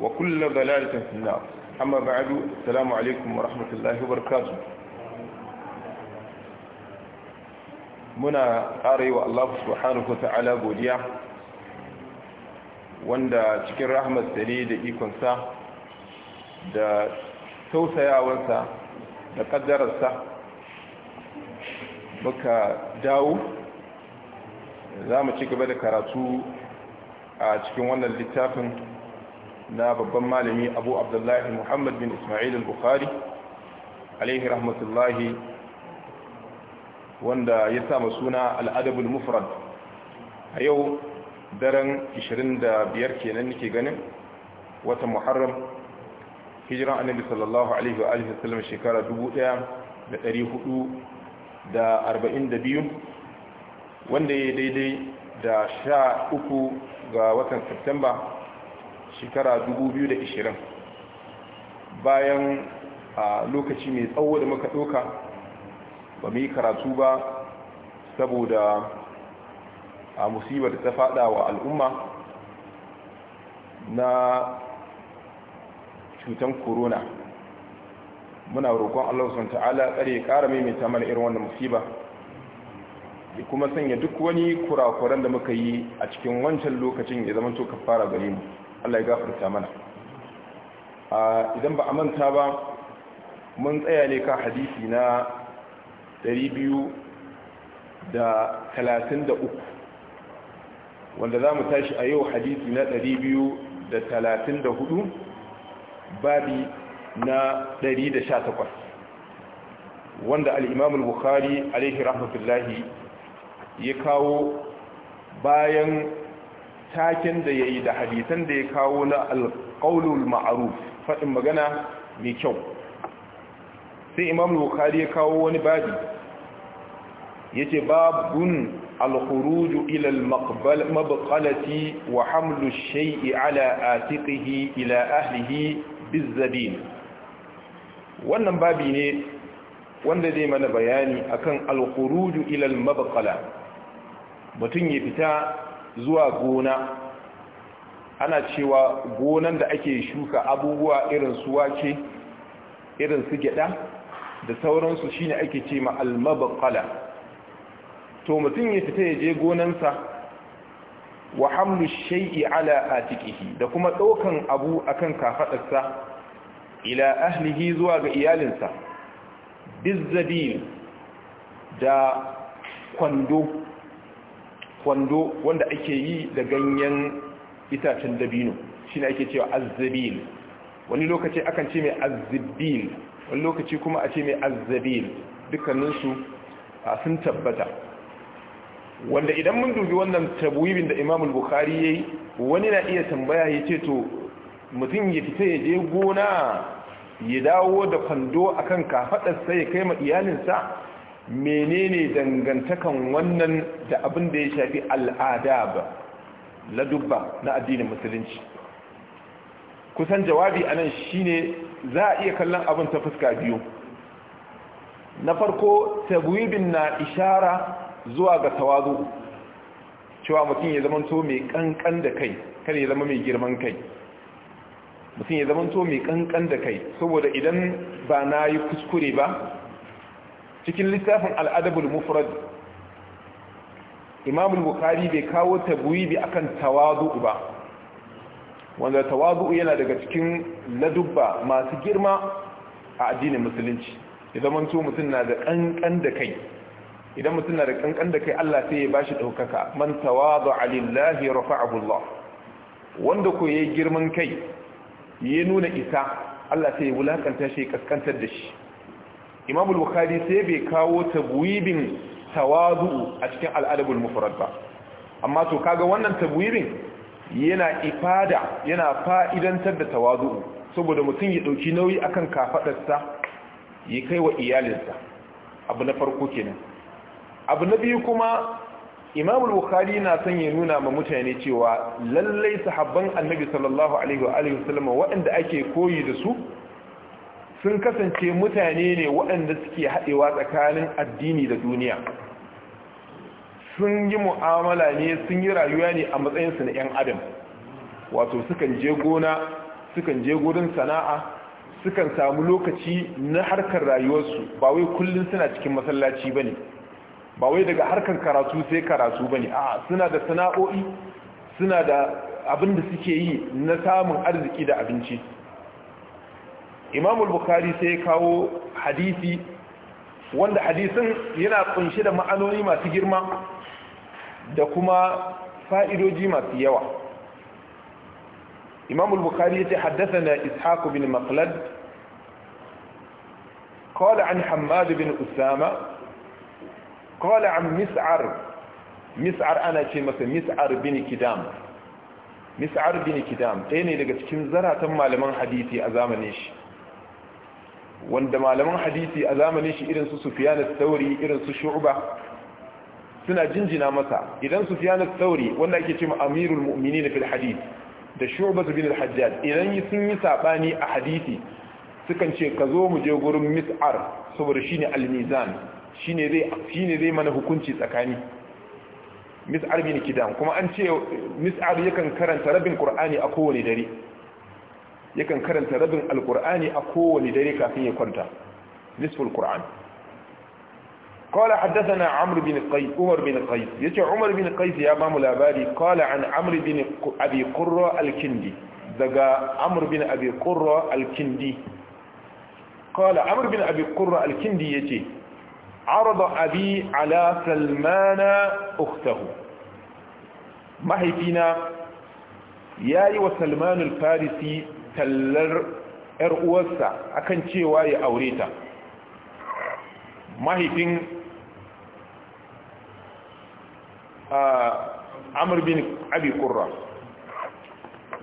Wa ضلالة na النار أما بعد السلام عليكم ورحمة الله وبركاته muna wa Allah subhanahu wa ta'ala godiya wanda cikin rahmatsa ne da ikonsa da tausayawarsa da ƙaddararsa muka dawo za mu ci gaba da karatu a cikin wannan littafin na babban malami abu abdullahi muhammad bin ismail al-bukhari alaihi rahmatullahi wanda ya sama suna al'adabul mufrad a yau daren 25 kenan nake ganin watan muharram hijiran annabi sallallahu alaihi wa alihi wasallam shekara 1442 wanda ya daidai da 13 ga watan Septemba shekara 2020 bayan a lokaci mai tsawo da muka ɗauka ba mu yi karatu ba saboda a musibar da ta fada wa al'umma na cutan corona muna roƙon Allah subhanahu ta'ala tsare ya ƙara maimaita mana irin wannan musiba ya kuma sanya duk wani kurakuran da muka yi a cikin wancan lokacin ya zama to ka fara gare mu Allah ya gafarta mana idan ba a manta ba mun tsaya ne ka hadisi na 233 wanda za mu tashi a yau hadisi na 234 babi na 118 wanda al'imamul bukhari alaihi rahmatullahi ya kawo bayan taken da ya yi da hadisan da ya kawo na alƙaunul ma'aruf faɗin magana mai kyau sai imam bukari ya kawo wani babi ya ce babun alhuruju ilal mabakalati wa hamlu shai'i ala atiqihi ila ahlihi bizzabin wannan babi ne wanda zai mana bayani akan alhuruju ilal mabakala mutum ya fita zuwa gona ana cewa gonan da ake shuka abubuwa irin su wake irin su gyada da sauransu shine ake ce ma almabqala to mutum ya fita ya je gonansa wa hamlu shay'i ala atiqihi da kuma daukan abu akan kafadarsa ila ahlihi zuwa ga iyalinsa bizzabil da kwando kwando wanda ake yi da ganyen itacen dabino shi ne ake cewa azzabil wani lokaci akan ce mai azzabil wani lokaci kuma a ce mai azzabil dukkaninsu sun tabbata wanda idan mun dubi wannan tabuibin da imamul bukhari ya yi wani na iya tambaya ya ce to mutum ya fita ya je gona ya dawo da kwando a akan kafaɗarsa ya kai ma iyalinsa menene dangantakan wannan da abin da ya shafi al'ada ba ladubba na addinin musulunci kusan jawabi anan shine za a iya kallon abin ta fuska biyu na farko tabwibin na ishara zuwa ga tawazu cewa mutum ya zama to mai kankan da kai kada ya zama mai girman kai mutum ya zama to mai kankan da kai saboda idan ba na yi kuskure ba cikin littafin al'adabul mufrad imamul bukhari bai kawo bi akan tawazu ba wanda tawazu yana daga cikin ladubba masu girma a addinin musulunci idan manto mutum na da kankan da kai idan mutum na da kankan da kai Allah sai ya bashi daukaka man tawazu alillahi rafa'ahu Allah wanda ko yayi girman kai ya nuna isa Allah sai ya wulakanta shi kaskantar da shi imam al-bukhari sai bai kawo tabwibin tawazu'u a cikin al al mufrad ba amma to kaga wannan tabwibin yana ifada yana fa'idantar da tawazu'u saboda mutum ya dauki nauyi akan kafadarsa ya kai wa iyalinsa abu na farko kenan abu na biyu kuma imam al-bukhari na son ya nuna ma mutane cewa lallai sahabban annabi sallallahu alaihi wa alihi wasallam waɗanda ake koyi da su sun kasance mutane ne waɗanda suke haɗewa tsakanin addini da duniya sun yi mu'amala ne sun yi rayuwa ne a matsayinsu na 'yan adam wato sukan je gona sukan je gurin sana'a sukan samu lokaci na harkar rayuwarsu ba wai kullum suna cikin masallaci ba ne ba wai daga harkar karatu sai karatu ba ne a suna da sana'o'i suna da abin da suke yi na samun arziki da abinci imam al-bukhari sai ya kawo hadisi wanda hadisin yana kunshi da ma'anoni masu girma da kuma fa'idoji masu yawa imam al-bukhari yace haddathana ishaq bin maqlad qala an hammad bin usama qala an mis'ar mis'ar ana ce masa mis'ar bin kidam mis'ar bin kidam ɗaya ne daga cikin zaratan malaman hadisi a zamanin shi wanda malaman hadisi a zamanin shi irin su Sufyan al irin su Shu'ba suna jinjina masa idan Sufyan al wanda ake cewa Amirul Mu'minin fil hadith da Shu'ba bin al-Hajjaj idan sun yi sabani a hadisi sukan ce ka zo mu je gurin Mis'ar saboda shine al-Mizan shine zai shine zai mana hukunci tsakani Mis'ar bin Kidan kuma an ce Mis'ar yakan karanta rabin Qur'ani a kowane dare yakan karanta rabin القرآن أقوى kowane dare kafin نصف القرآن قال حدثنا عمرو بن قيس عمر بن قيس يتي عمر بن قيس يا امام الابادي قال عن عمرو بن ابي قره الكندي دغا عمر بن ابي قره الكندي قال عمر بن ابي قره الكندي يتي عرض ابي على سلمان اخته ما هي فينا يا أيها سلمان الفارسي tallar ‘yar uwarsa akan cewa ya aure ta mahaifin amur bin abi kurra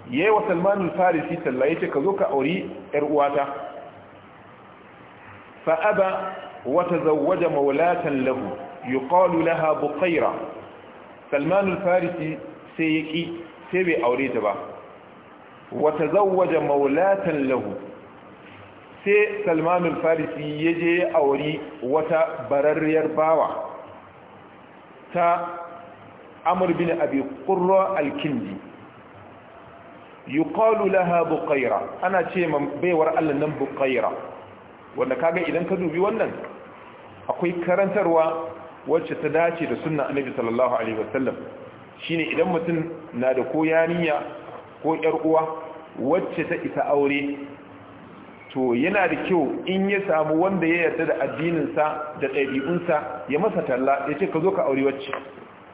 ya wa salmanin farisi talla ya ce ka zo ka auri ‘yar uwata fa'aba wata zawaja maulatan lahu yi laha bukaira salmanin farisi sai ya ƙi sai bai aure ta ba wata zawwaja maulatan lahu sai salmanul farisi ya je ya auri wata bararriyar bawa ta amur bin abi qurra al-kindi yuqalu laha buqaira ana ce baiwar Allah nan buqaira wanda kaga idan ka dubi wannan akwai karantarwa wacce ta dace da sunna annabi sallallahu alaihi wasallam shine idan mutum na da ko yaniya ko yar uwa wacce ta isa aure to yana da kyau in ya samu wanda ya yarda da addininsa da ɗabi'unsa ya masa talla ya ce ka zo ka aure wacce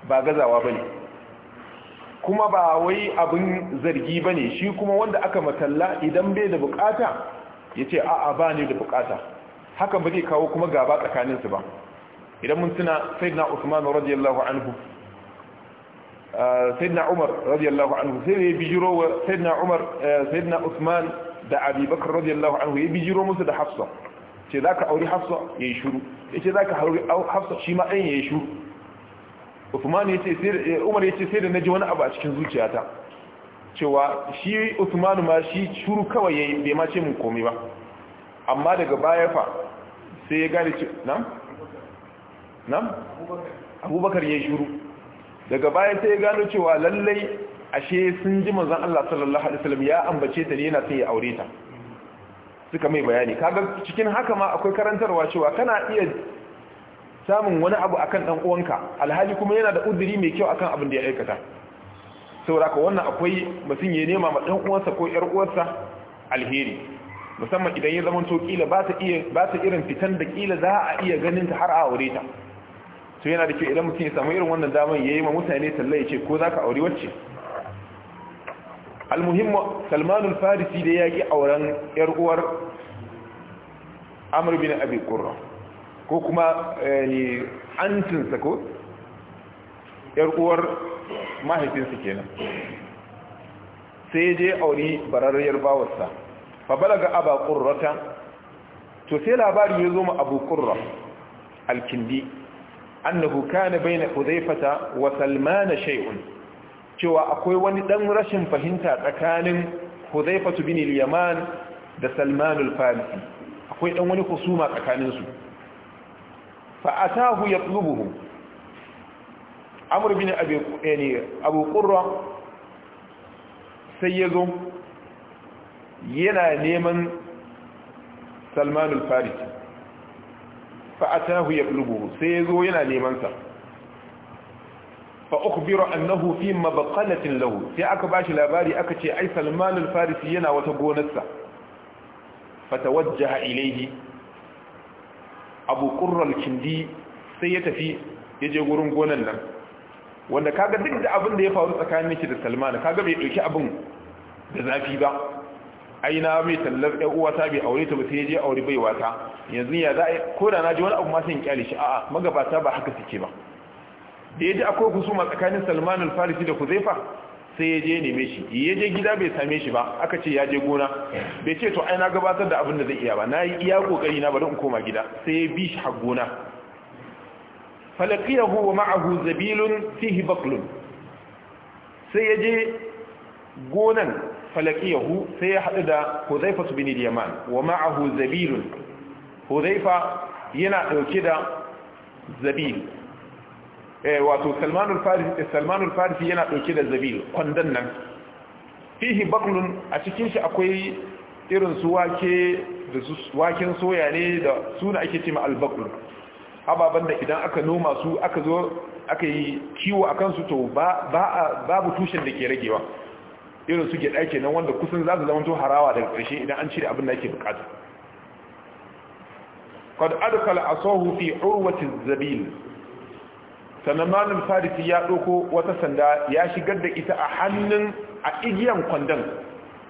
ba gazawa ba ne kuma ba wai abin zargi ba ne shi kuma wanda aka matalla idan bai da bukata ya ce a'a ba ne da bukata hakan ba zai kawo kuma gaba tsakaninsu ba idan mun tuna sai na usman radiyallahu anhu sayyidina umar radiyallahu anhu sai ya bijiro wa sayyidina umar sayyidina usman da abi bakr radiyallahu anhu ya bijiro musu da hafsa ce za ka auri hafsa ya yi shuru ya ce za ka auri hafsa shi ma ɗan ya yi shuru usman ya ce umar ya ce sai da na ji wani abu a cikin zuciyata cewa shi usman ma shi shuru kawai ya yi bai ma ce mun komai ba amma daga baya fa sai ya gane ce nam nam abubakar ya yi shuru daga baya sai ya gano cewa lallai ashe sun ji manzon Allah sallallahu alaihi wasallam ya ambace ta ne yana son ya aure ta suka mai bayani kaga cikin haka ma akwai karantarwa cewa kana iya samun wani abu akan dan uwanka alhali kuma yana da udiri mai kyau akan abin da ya aikata saboda ka wannan akwai mutun ya nema ma dan uwansa ko yar uwarsa alheri musamman idan ya zama to kila ba ta iya ba ta irin fitan da kila za a iya ganin ta har a aure ta to yana da kyau idan mutum ya samu irin wannan damar ya yi ma mutane talla ya ce ko za ka auri wacce almuhimmu salmanul farisi da ya yi auren yar uwar amur bin abi ko kuma ne eh, antinsa ko yar uwar mahaifinsa kenan sai je auri bararriyar bawarsa fa balaga aba qurrata to sai labari ya zo mu abu qurra alkindi annahu kana baina hudhaifata wa salman shay'un cewa akwai wani dan rashin fahimta tsakanin hudhaifatu bin al-yaman da salman al-farisi akwai dan wani kusuma tsakanin su fa atahu yatlubuhu amr bin abi yani abu qurra sai yazo yana neman salman al-farisi fa atahu yaqlubuhu sai yazo yana neman sa fa annahu fi mabqalatin lahu sai aka bashi labari aka ce ai Salman farisi yana wata gonarsa wajja ilayhi Abu Qurra kindi sai ya tafi ya je wurin gonar nan wanda kaga duk da abin da ya faru tsakanin shi da Salman kaga bai ɗauki abin da zafi ba aina mai tallar ɗan uwa ta bai aure ta ba sai je aure bai wata yanzu ya za ko da na ji wani abu ma sai in kyale shi a'a magabata ba haka suke ba da ya ji akwai kusuma tsakanin Salman al-Farisi da Kuzaifa sai ya je neme shi ya je gida bai same shi ba aka ce ya je gona bai ce to ai na gabatar da abin da zai iya ba na yi iya kokari na bari in koma gida sai ya bi shi har gona falaqiyahu wa ma'ahu zabilun fihi baqlun sai ya je gonan falakiyahu sai ya haɗu da huzaifa su bin yaman wa ma'ahu zabilun huzaifa yana ɗauke da zabil eh, wato eh, salmanul farisi yana ɗauke da zabil kwandon nan fihi baklun a cikin shi akwai irin su wake da su waken soya ne da suna ake ce albaklun ababen da idan aka noma su aka zo aka yi kiwo a kansu to babu tushen da ke ragewa irin su gyaɗa nan wanda kusan za su zama to harawa daga ƙarshe idan an cire abin da ake bukata qad adkhala asahu fi urwati zabil sannan malam ya doko wata sanda ya shigar da ita a hannun a igiyan kwandon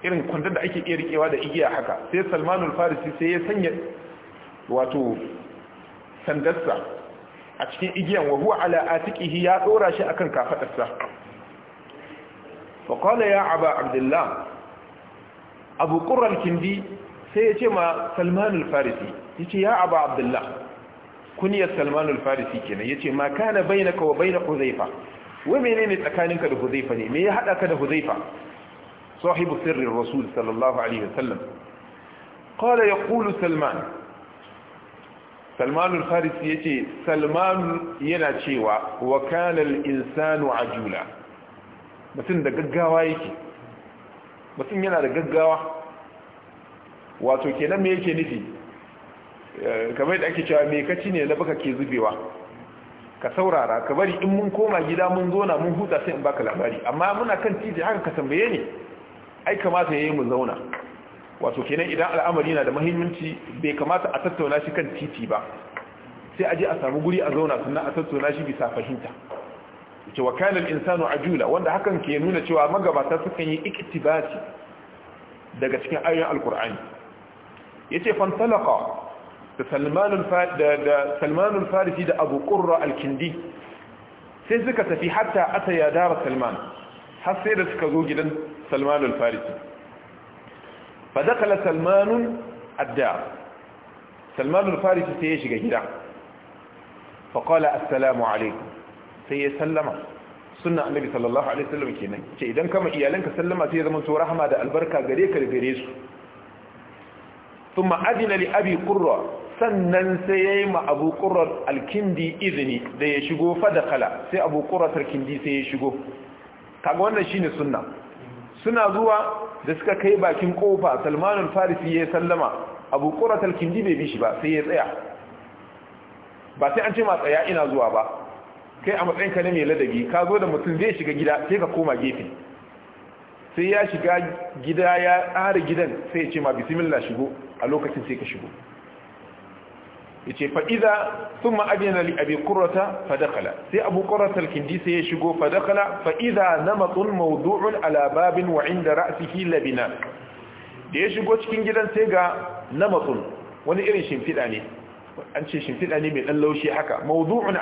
irin kwandon da ake iya rikewa da igiya haka sai salmanul farisi sai ya sanya wato sandarsa a cikin igiyan wa huwa ala atiqihi ya dora shi akan kafaɗarsa. faƙwala ya aba abdullah abu ƙurar kindi sai ya ce ma salmanul farisi ya ce ya aba abdullah kuniyar salmanul farisi kenan ya ce ma kana baina ka wa baina huzaifa wai mene ne tsakaninka da huzaifa ne me ya haɗa ka da huzaifa sahibu sirrin rasul sallallahu alaihi wasallam qala yaqulu salman salman al-farisi yace salman yana cewa wa kana al-insanu ajula mutum da gaggawa yake mutum yana da gaggawa wato kenan me yake nufi eh, kamar da ake cewa me kaci ne na baka ke zubewa ka saurara ka bari in mun koma gida mun zona mun huta sai in baka labari amma muna kan titi haka ka tambaye ni ai kamata yayi mu zauna wato kenan idan al'amari na da muhimmanci bai kamata a tattauna shi kan titi ba sai a je a samu guri a zauna sannan a tattauna shi bisa fahimta yace wa kana insanu ajula wanda hakan ke nuna cewa magabata sukan yi iktibasi daga cikin ayoyin alkur'ani yace fantalaqa da salman da salman al-farisi da abu qurra al-kindi sai suka tafi hatta ata ya dara salman har sai da suka zo gidan salman al-farisi fa dakala salman ad-dar salman al-farisi sai ya shiga gida fa qala assalamu alaykum sai ya sallama sunna annabi sallallahu alaihi wasallam kenan ce idan kama iyalanka sallama sai ya zama su rahama da albarka gare ka gare su thumma adina li abi qurra sannan sai yayi ma abu qurra alkindi izini da ya shigo fa da kala sai abu qurra tarkindi sai ya shigo kaga wannan shine sunna suna zuwa da suka kai bakin kofa Salman al-Farisi ya sallama Abu qurra bai bi shi ba sai ya tsaya ba sai an ce ma tsaya ina zuwa ba kai a matsayin ka ne mai ladabi ka zo da mutum zai shiga gida sai ka koma gefe sai ya shiga gida ya tsara gidan sai ya ce ma bismillah shigo a lokacin sai ka shigo ya ce fa'iza sun ma'abina li abi kurata fadakala sai abu kurata alkindi sai ya shigo fadakala fa'iza na matsun maudu'un alababin wa inda ra'asihi labina da ya shigo cikin gidan sai ga na matsun wani irin shimfiɗa ne an ce shimfiɗa ne mai ɗan laushi haka mawudu'un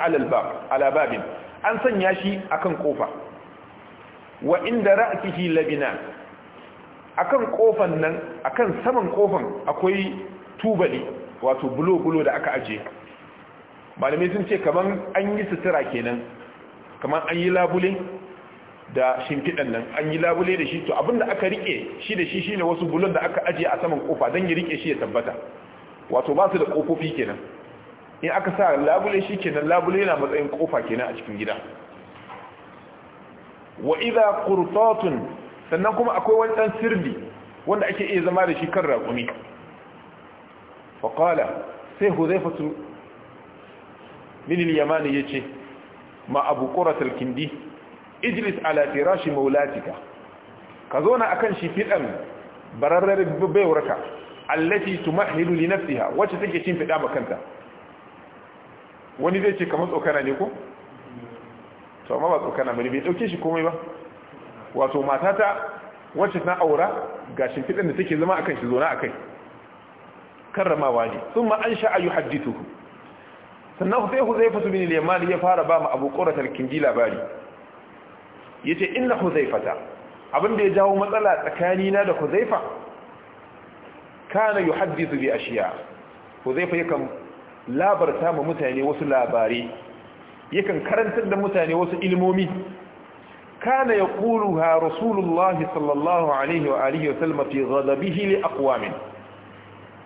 ala babin an sanya shi akan ƙofa. wa inda ra'sihi labina akan ƙofan nan akan saman ƙofan akwai tubali wato bulo-bulo da aka aje malamai sun ce kamar an yi sutura kenan kamar an yi labule da shimfiɗan nan an yi labule da shi to abinda aka riƙe shi da shi shine wasu bulon da aka aje a saman ƙofa don ya riƙe shi ya tabbata wato ba su da ƙofofi kenan in aka sa labule shi kenan labule yana matsayin ƙofa kenan a cikin gida wa idha qurtatun sannan kuma akwai wani dan sirri wanda ake iya zama da shi kan raƙumi fa qala sai huzaifatu min al-yamani yace ma abu qurat al-kindi ijlis ala firashi maulatika ka zo na akan shi fidan bararrar baiwarka allati tumahilu li nafsiha wacce take cin fida kanta wani zai ce kamar tsokana ne ko to amma ba tsokana bane bai dauke shi komai ba wato mata ta wacce ta aura ga fidan da take zama akan shi zo na akai karramawa ne thumma ansha ayu hadithuhu sannan sai huzaifa bin al-yamani ya fara ba mu abu quratal kindi labari yace inna huzaifata abin da ya jawo matsala tsakani na da huzaifa kana yuhaddithu bi ashiya huzaifa yakan labarta ma mutane wasu labarai yakan karantar da mutane wasu ilmomi kana yaquluha rasulullahi sallallahu alaihi wa alihi wa sallam fi ghadabihi li aqwamin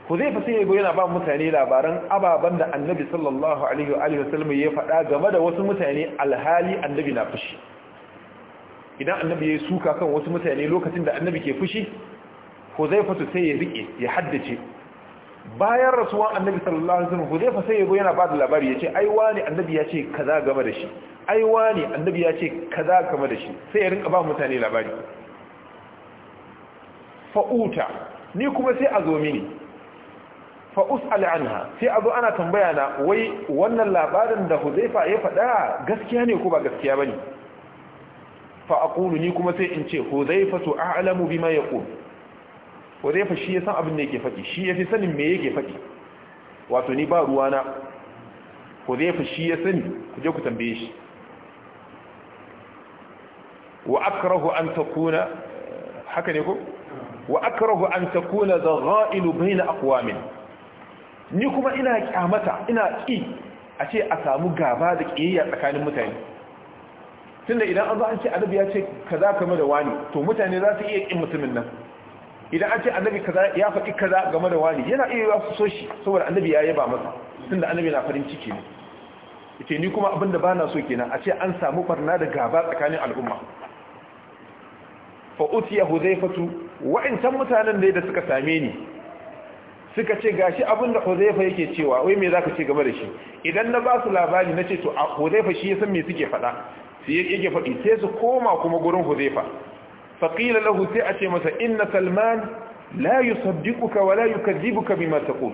huzaifa sai yago yana ba mutane labaran ababan da annabi sallallahu alaihi wa alihi wa sallam ya faɗa game da wasu mutane alhali annabi na fushi idan annabi ya suka kan wasu mutane lokacin da annabi ke fushi huzaifatu sai ya rike ya haddace bayan rasuwan annabi sallallahu alaihi wasallam huzaifa sai go yana ba da labari yace ai wani annabi ya ce kaza game da shi ai wani annabi ya ce kaza game da shi sai ya rinka ba mutane labari fa'uta ni kuma sai a zo mini fa'us anha sai a zo ana tambaya na wai wannan labarin da huzaifa ya faɗa gaskiya ne ko ba gaskiya bane fa aqulu ni kuma sai in ce huzaifatu a'alamu bima ya huzaifa shi ya san abin da yake faɗi shi ya fi sanin me yake faɗi wato ni ba ruwana huzaifa shi ya sani ku je ku tambaye shi wa akrahu an takuna haka ne ko wa akrahu an takuna dhaghailu bayna aqwamin ni kuma ina kyamata ina ki a ce a samu gaba da kiyayya tsakanin mutane tunda idan an zo an ce annabi ya ce kaza kamar da wani to mutane za su iya kin mutumin nan idan an ce annabi kaza ya faɗi kaza game da wani yana iya yawa su so shi saboda annabi ya yaba masa tunda annabi na farin ciki ne ita ni kuma abinda ba na so kenan a ce an samu barna da gaba tsakanin al'umma fa utiya huzaifatu wa'incan mutanen da da suka same ni suka ce gashi abinda huzaifa yake cewa wai me zaka ce game da shi idan na ba su labari na ce to huzaifa shi ya san me suke faɗa sai yake faɗi sai su koma kuma gurin huzaifa faƙila lahu sai ce masa inna salman la yusaddiquka wa la yukazzibuka bima taqul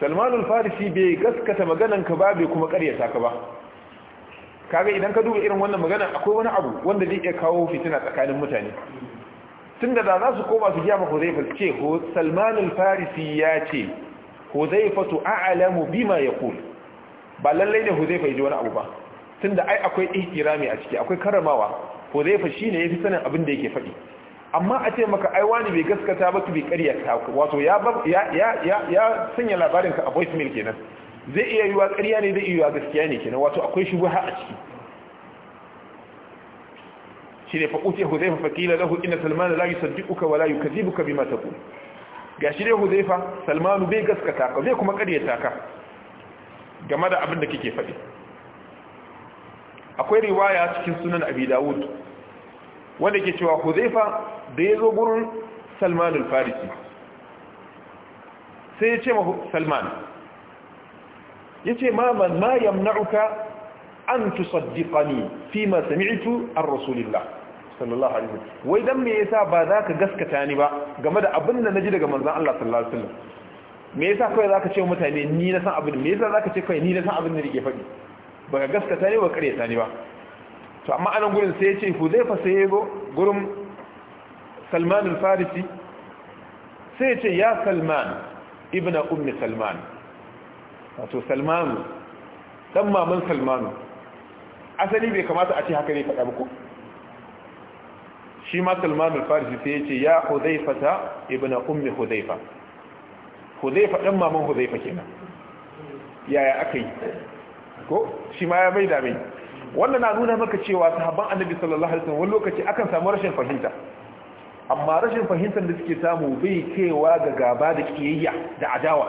salman al-farisi bai gaskata maganarka ba bai kuma ƙaryata ka ba kaga idan ka duba irin wannan magana akwai wani abu wanda zai iya kawo fitina tsakanin mutane tun da za su koma su gyama huzaifa su ce salman al-farisi ya ce huzaifa tu a'lamu bima ba lallai ne huzaifa ya ji wani abu ba Tunda ai akwai ihtirami a ciki akwai karamawa huzaifa ya yafi sanin abin da yake faɗi amma a ce maka ai wani bai gaskata ba ki bai ƙaryata ku wato ya ya ya sanya labarin ka a voicemail kenan zai iya yiwa ƙarya ne zai iya yiwa gaskiya ne kenan wato akwai shi buha a ciki shine fa utiya huzaifa fa zahu lahu inna salman la yusaddiquka wa la yukadhibuka bima taqul shi dai huzaifa salmanu bai gaskata ka zai kuma ta ka game da abin da kike faɗi akwai riwaya cikin sunan abi dawud wanda ke cewa huzaifa da ya zo gurin salman al-farisi sai ya ce ma salman ya ce ma ma yamna'uka an tusaddiqani fi ma sami'tu an rasulillah sallallahu alaihi wasallam wai dan me yasa ba za ka gaskata ni ba game da abin da ji daga manzan Allah sallallahu alaihi me yasa kai zaka ce mutane ni na san abin me yasa zaka ce kai ni na san abin da nake faɗi baka gaskata ne ba ta ne ba to amma anan gurin sai ya ce huzaifa sai ya go gurin salman al-farisi sai ya ce ya salman ibn ummi salman wato salmanu dan maman salmanu asali bai kamata a ce haka ne faɗa ba ko shi ma salman al-farisi sai ya ce ya huzaifata ibn ummi huzaifa huzaifa dan maman huzaifa kenan yaya aka yi ko shi ma ya bai dame wannan na nuna maka cewa sahabban annabi sallallahu alaihi wasallam wani lokaci akan samu rashin fahimta amma rashin fahimtar da suke samu bai kaiwa ga gaba da kiyayya da adawa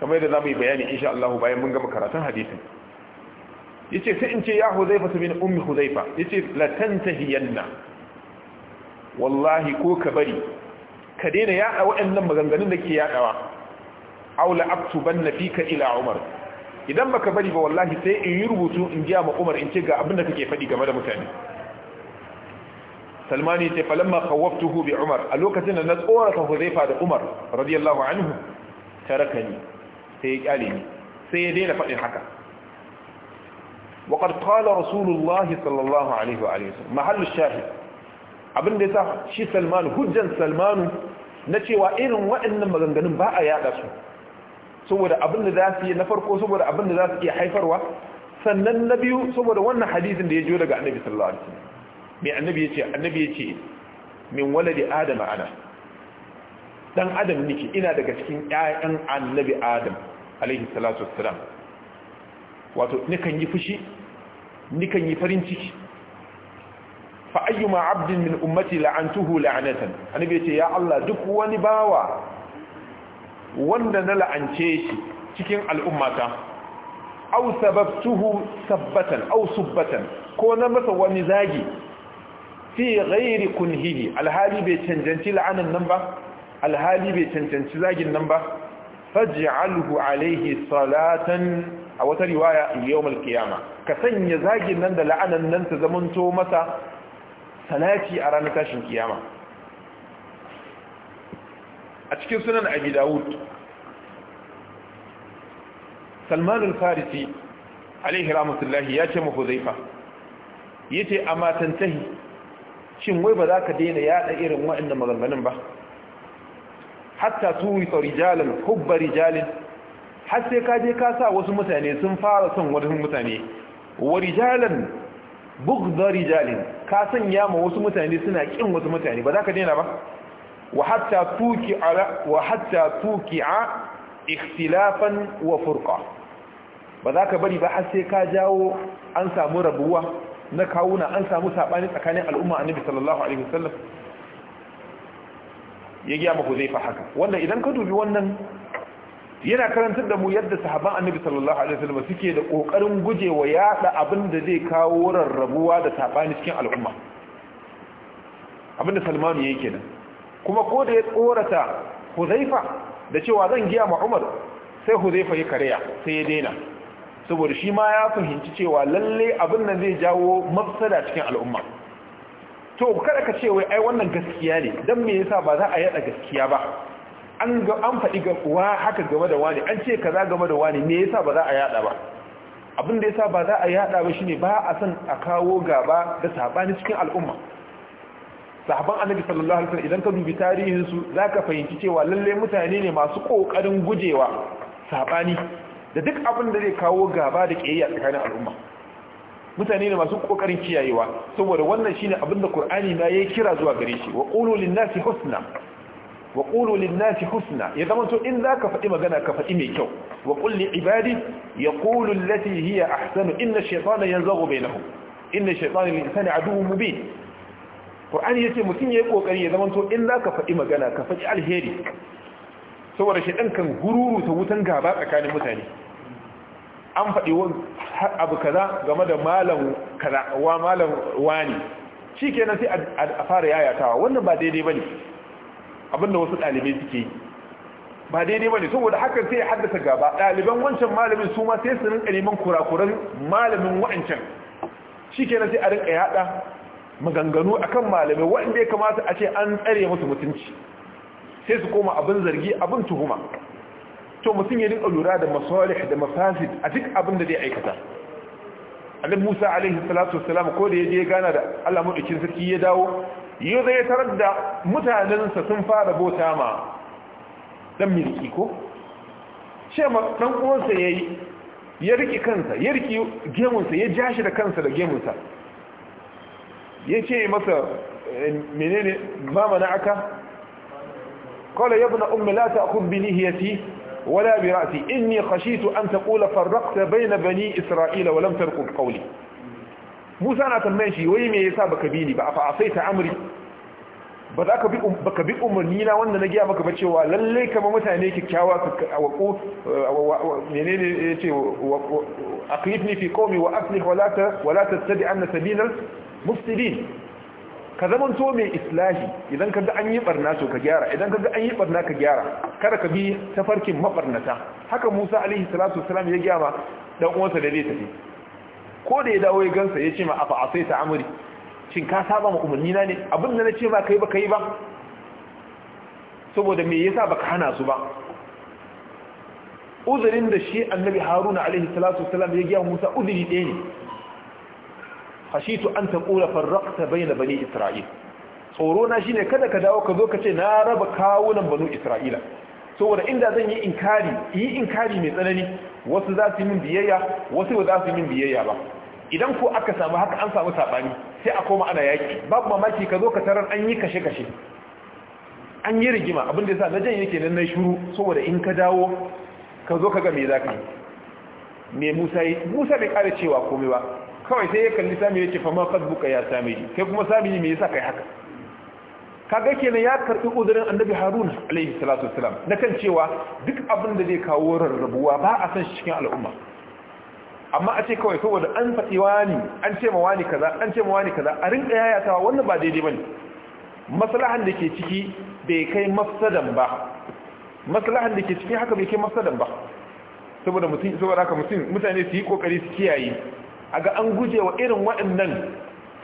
kamar yadda zamu yi bayani insha Allah bayan mun gama karatun hadisin yace sai in ce ya Huzaifa bin ummi Huzaifa yace la tantahiyanna wallahi ko ka bari ka daina a waɗannan maganganun da ke yadawa aula aktubanna fika ila Umar idan baka bari ba wallahi sai in yi rubutu in ji ma Umar in ce ga abin da kake faɗi game da mutane Salmani ce falamma khawaftuhu bi Umar a lokacin da na tsorata Huzaifa da Umar radiyallahu anhu tarakani sai ya kyale ni sai ya daina faɗin haka وقد قال رسول الله صلى الله عليه وآله وسلم محل الشاهد abin da yasa shi Salman hujjan salmanu na cewa irin waɗannan maganganun ba a yada su saboda abin da za su yi na farko saboda abin da za su iya haifarwa sannan na biyu saboda wannan hadisin da ya jiyo daga annabi sallallahu alaihi wasallam mai annabi ya ce annabi ya ce min waladi adam ana dan adam nake ina daga cikin ƴaƴan annabi adam alaihi salatu wassalam wato nikan yi fushi nikan yi farin ciki fa ayyuma abdin min ummati la'antuhu la'natan annabi ya ce ya Allah duk wani bawa wanda na la'ance shi cikin al'ummata au sababtuhu sabbatan au subbatan ko na masa wani zagi fi ghairi kunhihi alhali bai cancanci la'anan nan ba alhali bai cancanci zagin nan ba alhu alaihi salatan a wata riwaya yau malkiyama, ka sanya zagin nan da la'anan nan ta zamanto masa salati a ranar tashin kiyama a cikin sunan abi dawud salman al-farisi alaihi rahmatullahi ya ce mu huzaifa yace amma tantahi shin wai ba za ka daina yada irin waɗannan maganganun ba hatta tuwita rijalan hubba rijalin har sai ka je ka sa wasu mutane sun fara son wasu mutane wa rijalan bugdha rijalin ka sanya ma wasu mutane suna kin wasu mutane ba za ka daina ba وحتى hatta tuki ala wa hatta ba za ka bari ba har sai ka jawo an samu rabuwa na kawuna an samu sabani tsakanin al'umma annabi sallallahu alaihi ya wannan ka dubi wannan yana karantar da mu yadda sahaban annabi sallallahu alaihi wasallam suke da kokarin wa yada abin da zai kawo rarrabuwa da sabani cikin al'umma abinda salmanu yake kenan kuma ko da ya tsorata huzaifa da cewa zan giya ma umar sai huzaifa ya karya sai ya daina saboda shi ma ya fahimci cewa lalle abin nan zai jawo mafsada cikin al'umma to kada ka ce wai ai wannan gaskiya ne dan me yasa ba za a yada gaskiya ba an ga an faɗi ga wa haka game da wani an ce kaza game da wani me yasa ba za a yada ba abin da yasa ba za a yada ba shine ba a san a kawo gaba da sabani cikin al'umma sahaban annabi sallallahu alaihi wasallam idan ka dubi tarihin su zaka fahimci cewa lalle mutane ne masu kokarin gujewa sabani da duk abin da zai kawo gaba da kiyayya tsakanin al'umma mutane ne masu kokarin kiyayewa saboda wannan shine abin da Qur'ani na yayi kira zuwa gare shi wa qulu husna wa husna ya zama to in zaka faɗi magana ka faɗi mai kyau wa qul li ibadi yaqulu allati hiya ahsanu inna ash-shaytana yanzaghu bainahum inna ash-shaytana lil-insani aduwwun mubin qur'ani ce mutum ya yi ƙoƙari ya to in ka faɗi magana ka faɗi alheri saboda ɗan kan gururu ta wutan gaba tsakanin mutane an faɗi abu kaza game da malam kaza wa malam wani sai a fara yayatawa wannan ba daidai bane abinda wasu ɗalibai suke yi ba daidai bane saboda hakan sai ya haddasa gaba ɗaliban wancan malamin su ma sai su rinka neman kurakuran malamin wa'ancan nan sai a rinka yada maganganu akan malamai waɗanda ya kamata a ce an tsare musu mutunci sai su koma abin zargi abin tuhuma to mutum ya dinka lura da masalih da mafasid a duk abin da zai aikata annabi Musa alaihi salatu wassalam ko da je gana da Allah madaukin sarki ya dawo yau zai tarar da mutanensa sun fara bauta ma dan miliki ko ce ma dan uwansa yayi ya riki kansa ya riki gemunsa ya jashi da kansa da gemunsa ya ce masa menene ma mana aka kawai ya buna umilata kubbini hiyati wala bi ra'si inni khashitu an taqula farraqta bayna bani isra'ila wa lam tarqub qawli Musa na tambaye shi wai me yasa baka bi ni ba fa asaita amri ba za ka bi baka bi umarni na wanda na giya maka ba cewa lalle kama mutane kikkiawa ka waqu menene yace aqifni fi qawmi wa aslih wa la ta wa la tattabi anna sabila mufsidin ka zaman to mai islahi idan ka ga an yi barna to ka gyara idan ka ga an yi barna ka gyara kada ka bi tafarkin mabarnata haka Musa alaihi salatu wasalam ya gyama dan uwansa da zai tafi ko da ya dawo ya gansa ya ce ma afa asaita amri shin ka saba ma umarni na ne abin da na ce ma kai ba kai ba saboda me yasa baka hana su ba uzurin da shi annabi haruna alaihi salatu wasalam ya gyama Musa uzuri ɗaya ne hashitu an taqula farraqta bayna bani Isra'ila. tsoro na shine kada ka dawo ka zo ka ce na raba kawunan banu isra'ila saboda inda zan yi inkari yi inkari mai tsanani wasu za su yi min biyayya wasu ba za su yi min biyayya ba idan ko aka samu haka an samu sabani sai a koma ana yaki babu mamaki ka zo ka tarar an yi kashe kashe an yi rigima abin da yasa na jan yake nan na shuru saboda in ka dawo ka zo ka ga me zaka yi me Musa yi Musa bai kare cewa komai ba kawai sai ya kalli sami yake fama kasbuka ya sami kai kuma sami me yasa kai haka kaga kenan ya karbi uzurin annabi haruna alaihi salatu wasalam na kan cewa duk abin da zai kawo rarrabuwa ba a san shi cikin al'umma amma a ce kawai saboda an faɗi wani an ce ma kaza an ce ma kaza a rinka yayatawa wannan ba daidai bane maslahan da ke ciki bai kai mafsadan ba maslahan da ke ciki haka bai kai mafsadan ba saboda mutum saboda haka mutum mutane su yi kokari su kiyaye a ga an guje wa irin waɗannan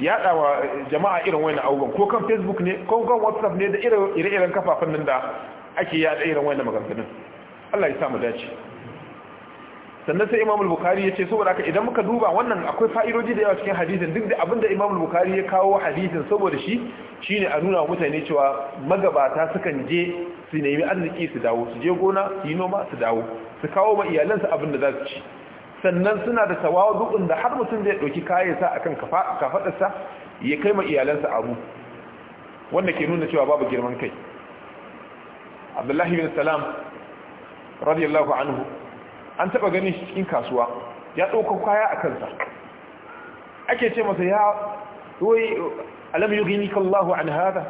yaɗa wa eh, jama'a irin wani abubuwan ko kan facebook ne ko kan whatsapp ne da ire-iren kafafen nan da ake yaɗa irin wani maganganun allah ya sa mu dace sannan sai imam bukari ya ce saboda haka idan muka duba wannan akwai fa'idoji da yawa cikin hadisin duk da abinda imamu imam ya kawo hadisin saboda shi shine a nuna mutane cewa magabata sukan je su nemi arziki su dawo su je gona su yi noma su dawo su kawo ma iyalansu abin da za su ci sannan suna da dukkan da har mutum zai ɗauki kayansa akan kafaɗarsa ya kai ma iyalansa abu wanda ke nuna cewa babu girman kai Abdullahi bin Salam radiyallahu anhu an taba ganin shi cikin kasuwa ya ɗaukar kaya a kansa ake ce masa ya wai alam yughinika Allahu an hada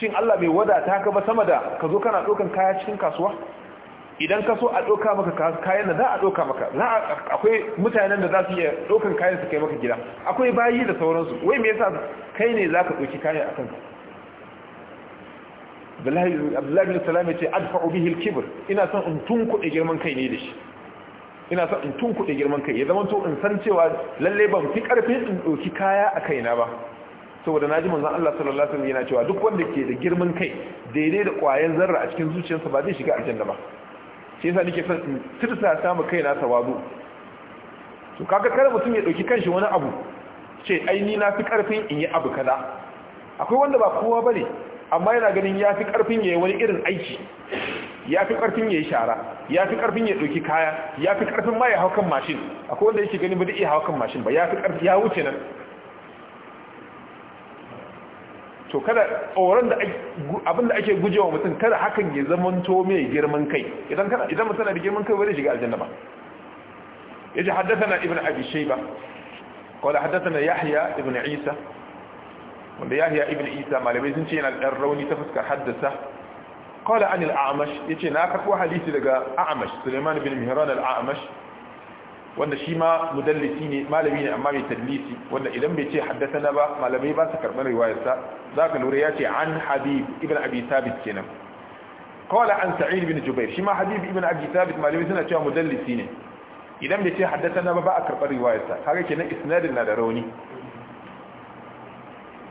shin Allah bai wadata ka ba sama da ka zo kana ɗaukar kaya cikin kasuwa idan ka so a ɗauka maka kayan da za a ɗauka maka akwai mutanen da za su iya ɗaukan kayan su kai maka gida akwai bayi da sauransu wai me yasa kai ne za ka ɗauki kayan a kanka abdullahi bin salam ya ce adfa Obi Hill kibr ina son in tunkuɗe girman kai ne da shi ina son in tunkuɗe girman kai ya zama to in san cewa lalle ban fi ƙarfin in ɗauki kaya a kaina ba saboda na ji manzon Allah sallallahu alaihi wasallam yana cewa duk wanda ke da girman kai daidai da ƙwayar zarra a cikin zuciyarsa ba zai shiga aljanna ba shi yasa nake son in tirsa samu kaina tawazu to kaga kar mutum ya dauki kanshi wani abu ce ai ni na fi karfin in yi abu kaza akwai wanda ba kowa bane amma yana ganin ya fi karfin ya yi wani irin aiki ya fi karfin ya yi shara ya fi karfin ya ɗauki kaya ya fi karfin ma ya hau kan mashin akwai wanda yake ganin ba zai iya hau kan mashin ba ya fi karfi ya wuce nan to kada tsoron da abin da ake gujewa mutum kada hakan ya zamanto mai girman kai idan kada idan mutum na da girman kai bai shiga aljanna ba yaji haddathana ibn abi shayba qala haddathana yahya ibn isa wanda yahya ibn isa malamai sun ce yana dan rauni ta fuskar haddasa qala an al-a'mash yace na karbo hadisi daga a'mash sulaiman ibn mihran al-a'mash wanda shi ma mudallisi ne malami ne amma mai tadlisi wanda idan bai ce na ba malamai ba su karɓar riwayarsa za ka lura ya ce an habib ibn abi thabit kenan kawala an sa'id ibn jubair shi ma habib ibn abi thabit malamai suna cewa mudallisi ne idan bai ce haddasa ba ba a karɓar riwayarsa kaga kenan isnadin na da rauni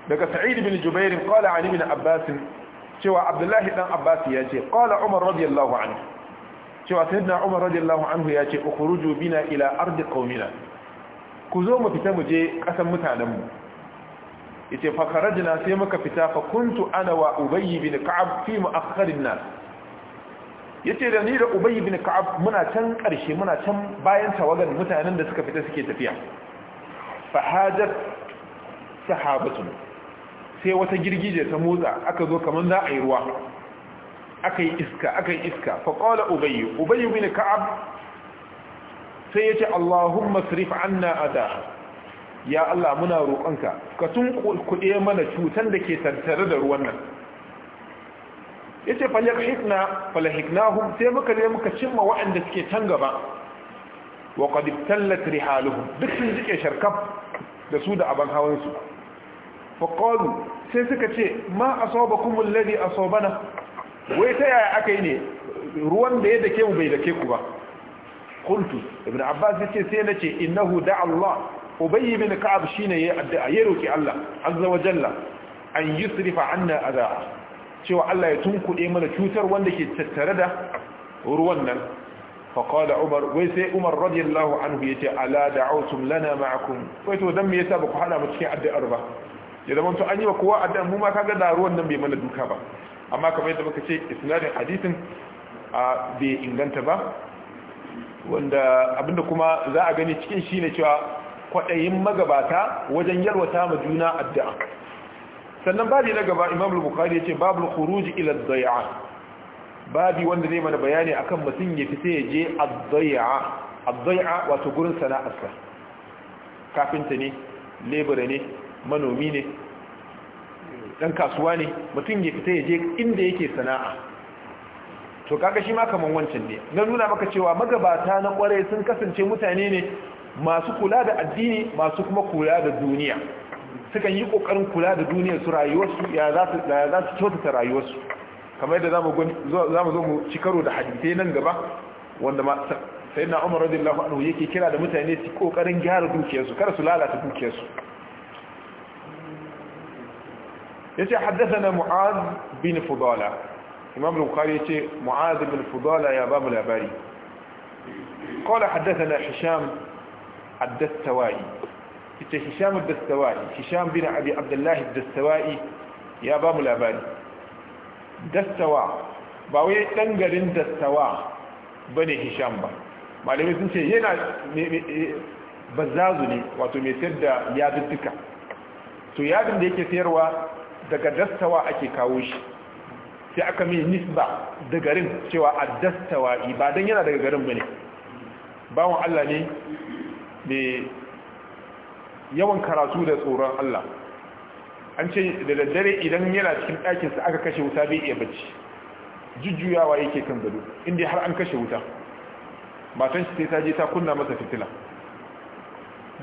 daga sa'id ibn jubair qala an ibn abbas cewa abdullahi dan abbas ya ce qala umar radiyallahu anhu cewa da Umar radiyallahu anhu ya ce ukhruju bina ila ardi qaumina ku zo mu fita mu je kasan mutanen mu yace fa kharajna sai muka fita fa kuntu ana wa ubayy bin ka'ab fi mu'akhkharin nas yace da ni da ubayy bin ka'ab muna can karshe muna can bayan tawagan mutanen da suka fita suke tafiya fa hajat sahabatun sai wata girgije ta motsa aka zo kaman za a yi ruwa aka yi iska aka yi iska faƙola ubayi ubayyu bini ka'ab sai ya ce allahumma sirif anna ada ya allah muna roƙonka ka tun kuɗe mana cutan da ke tattare da ruwan nan ya ce falahiknahum sai muka ne muka cimma waɗanda suke can gaba wa ƙadibtallat rihaluhum duk sun jike sharkaf da su da abin hawansu faƙolu sai suka ce ma asoba kuma aso bana. wai ta yaya aka yi ne ruwan da ya dake mu bai dake ku ba kultu ibn abbas ya ce sai nace innahu da allah ubayy min ka'ab shine ya addu'a ya roki allah azza wa jalla an yusrifa anna adaa cewa allah ya tunkude mana cutar wanda ke tattare da ruwan nan fa qala umar wai sai umar radiyallahu anhu ce ala da'awtum lana ma'akum wai to dan me yasa ku hada mu cikin addu'ar ba ya zama to an yi wa kowa addu'a mu ma kaga da ruwan nan bai mana duka ba amma kamar yadda muka ce isnadin hadisin a bai inganta ba wanda abinda kuma za a gani cikin shi ne cewa kwaɗayin magabata wajen yalwata ma juna addu'a sannan babi na gaba imam al-bukhari ya ce babu khuruj ila ad babi wanda zai mana bayani akan mutum ya fita ya je ad-day'a ad wato gurin sana'arsa kafinta ne lebura ne manomi ne dan kasuwa ne mutum ya fita ya je inda yake sana'a to kaga shi ma kaman wancan ne na nuna maka cewa magabata na kwarai sun kasance mutane ne masu kula da addini masu kuma kula da duniya sukan yi kokarin kula da duniya su rayuwarsu ya za su za su kyautata rayuwarsu kamar yadda zamu zamu zo mu ci karo da hadisi nan gaba wanda ma sayyidina Umar radiyallahu anhu yake kira da mutane su kokarin gyara dukiyarsu kar su lalata dukiyarsu yace haddathana mu'az bin fudala imam bukhari yace mu'az bin fudala ya bamu labari qala haddathana hisham ad-dastawai yace hisham ad-dastawai hisham bin abi abdullah ad-dastawai ya bamu labari dastawa ba wai dan garin dastawa bane hisham ba malamai sun ce yana bazazu ne wato mai sayar da yadudduka to yadin da yake sayarwa daga dastawa ake kawo shi sai aka mai nisba da garin cewa a dastawa ba don yana daga garin bane. bawon Allah ne mai yawan karatu da tsoron Allah an ce da daddare idan yana cikin ɗakinsa aka kashe wuta bai iya bacci jujjuyawa yake kan gado inda har an kashe wuta matan shi sai ta je ta kunna masa fitila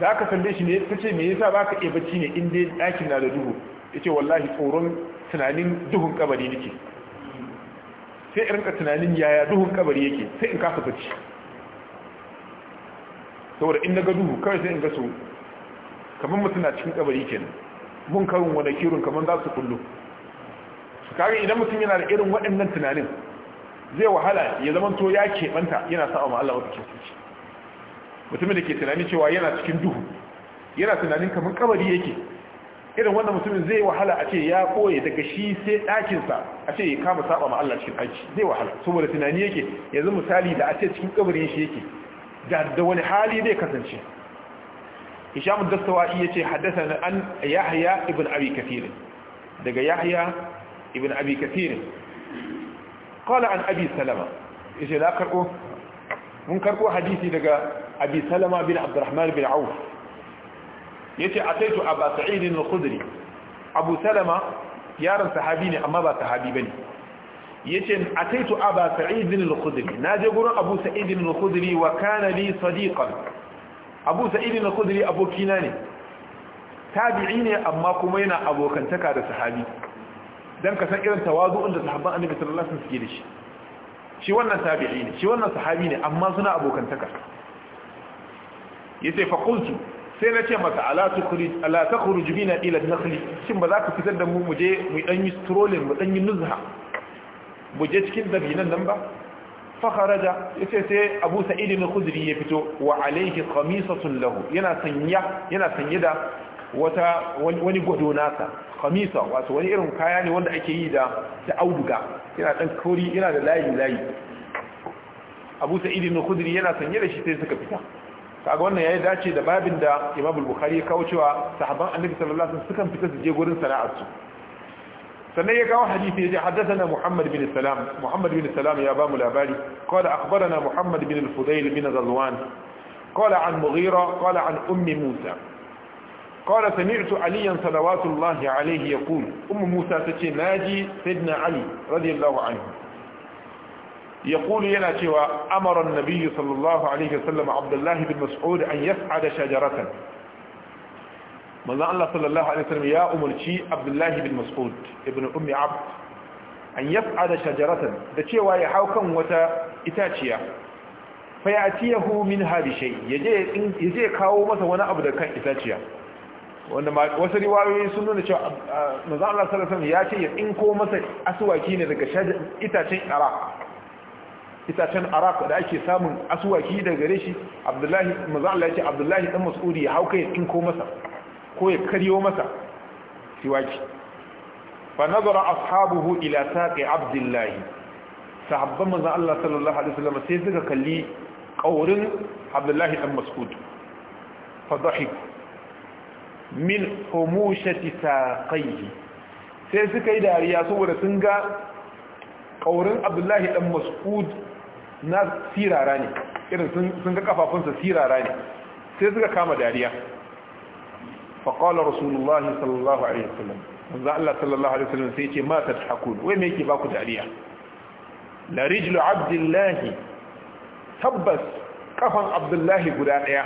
da aka sande shi ne ta ce me yasa ba ka iya bacci ne inda ɗakin na da duhu yace wallahi tsoron tunanin duhun kabari nake sai in ka tunanin yaya duhun kabari yake sai in kasa bacci saboda in daga duhu kawai sai in ga su kamar mutum na cikin kabari kenan mun karin wani kirun kamar za su kullu kare idan mutum yana da irin waɗannan tunanin zai wahala ya zama to ya keɓanta yana sa ma Allah wata kirkici mutumin da ke tunanin cewa yana cikin duhu yana tunanin kamar kabari yake irin wanda mutumin zai wahala a ce ya koye daga shi sai ɗakinsa a ce ya kama saba ma Allah cikin aiki zai wahala saboda tunani yake yanzu misali da a ce cikin kabarin shi yake da da wani hali zai kasance Hisham ce yace na an Yahya ibn Abi Kathir daga Yahya ibn Abi Kathir qala an Abi Salama yace da karko mun karbo hadisi daga Abi Salama bin Abdurrahman bin Auf yace ataitu aba sa'id al-khudri abu salama yaran sahabi ne amma ba sahabi bane yace ataitu aba sa'id al-khudri naje gurin abu sa'id al-khudri wa kana li sadiqan abu sa'id al-khudri abokina ne tabi'i ne amma kuma yana abokantaka da sahabi dan ka san irin tawazu'un da sahabban annabi sallallahu alaihi wasallam suke da shi shi wannan tabi'i ne shi wannan sahabi ne amma suna abokantaka yace fa qultu sai na ce masa ala tukhrij ala ila nakhli shin ba za ka fitar da mu mu je mu dan yi strolling mu dan yi nuzha mu je cikin dabinan nan ba fa kharaja yace sai Abu Sa'id na khudri ya fito wa alayhi qamisatun lahu yana sanya yana sanye da wata wani gwado nasa khamisa wato wani irin kaya ne wanda ake yi da da auduga yana dan kori yana da layi layi Abu Sa'id na khudri yana sanye da shi sai suka fita kaga wannan yayi dace da babin da Imam Bukhari kawo cewa sahabban Annabi sallallahu alaihi wasallam sukan fita su je gurin sana'ar su sannan ya kawo hadisi ya ce haddathana Muhammad bin Salam Muhammad bin Salam ya ba mu labari qala akhbarana Muhammad bin al-Fudayl bin Ghazwan qala an Mughira qala an ummi Musa قال سمعت عليا صلوات الله عليه يقول أم موسى تتناجي سيدنا ali رضي الله عنه يقول yana cewa وامر النبي صلى الله عليه وسلم عبد الله بن مسعود ان يسعد شجره ماذا الله صلى الله عليه وسلم يا امرتي عبد الله بن مسعود ابن ام عبد cewa ya haukan wata itaciya fayatihu min hadi shay yaje yaje kawo masa wani abu da kan itaciya wanda wasu riwayoyi sun nuna cewa manzo Allah sallallahu ya ce ya inko masa aswaki ne daga itacen ara itacen arak da ake samun asuwaki daga gare shi abdullahi maza'ala ya ce abdullahi dan mas'udi ya hauka ya tsinko masa ko ya karyo masa siwaki fa nazara ashabuhu ila saqi abdullahi sahabban maza Allah sallallahu alaihi wasallam sai suka kalli kaurin abdullahi dan mas'ud fa dhahik min humushati saƙai, sai suka yi dariya saboda sun ga kaurin abdullahi dan mas'ud na sirara ne irin sun ga kafafunsa sirara ne sai suka kama dariya faƙalar rasulullahi sallallahu alaihi wasallam wanzu Allah sallallahu alaihi wasallam sai ce ma ta wai me yake ba ku dariya la rijlu abdullahi tabbas kafan abdullahi guda ɗaya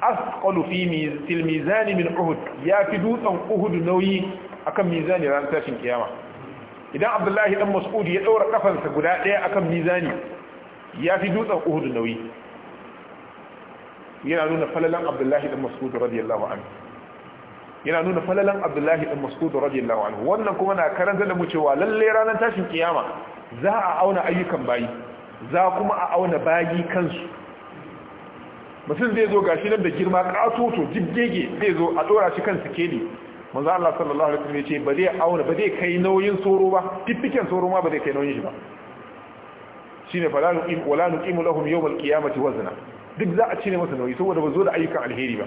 asqalu fi tilmizani min uhud ya fi dutsen uhud nauyi akan mizani ran tashin kiyama idan abdullahi dan mas'ud ya daura kafansa guda ɗaya akan mizani ya fi dutsen uhud nauyi yana nuna falalan abdullahi masu kudu radiyallahu an yana nuna falalan abdullahi masu kudu radiyallahu an wannan kuma na karanta da mu cewa lalle ranar tashin kiyama za a auna ayyukan bayi za kuma a auna bayi kansu mutum zai zo gashi nan da girma katoto jiggege zai zo a dora shi kansu ne manzo Allah sallallahu alaihi wasallam ya ce ba zai auna ba zai kai nauyin soro ba tiffiken soro ma ba zai kai nauyin shi ba shine fala nuqim wala nuqimu lahum yawm al-qiyamati wazna duk za a cire masa nauyi saboda ba zo da ayyukan alheri ba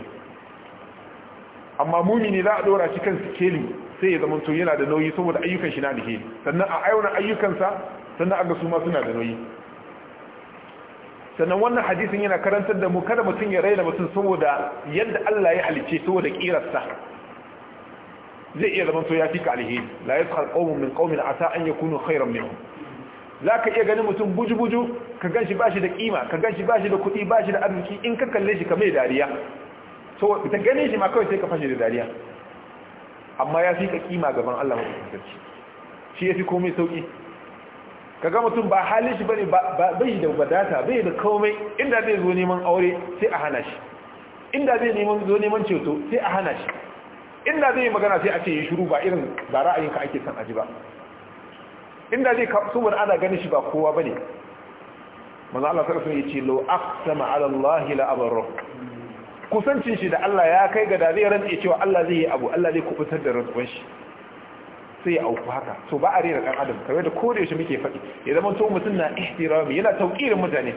amma mumini za a dora shi kan sikeli sai ya zama to yana da nauyi saboda ayyukan shi na alheri sannan a auna ayyukansa sannan aga su ma suna da nauyi sannan wannan hadisin yana karantar da mu kada mutum ya raina mutum saboda yadda Allah ya halice saboda kirarsa zai iya zama to ya fika alheri la yaskhar qawmun min qawmin asa an yakunu khayran minhum za ka iya ganin mutum buju-buju ka gan shi ba shi da kima ka gan shi ba shi da kuɗi ba shi da arziki in ka kalle shi ka mai dariya so ta ganin shi ma kawai sai ka fashe da dariya amma ya fi ka kima gaban Allah mafi kusurci shi ya fi komai sauƙi ka ga mutum ba halin shi bane yi da wadata bai da komai inda zai zo neman aure sai a hana shi inda zai neman zo neman ceto sai a hana shi inda zai magana sai a ce yi shiru ba irin ba ra'ayinka ake son aji ba inda zai subur ana ganin shi ba kowa ne maza Allah sarrafa ya ce lo ala Allah la kusancin shi da Allah ya kai ga da zai rantsa cewa Allah zai yi abu Allah zai kubutar da rantsuwar shi sai ya auku haka so ba a rera kan adam kawai da kore shi muke faɗi ya zama to mutum na ihtirami yana tauƙirin mutane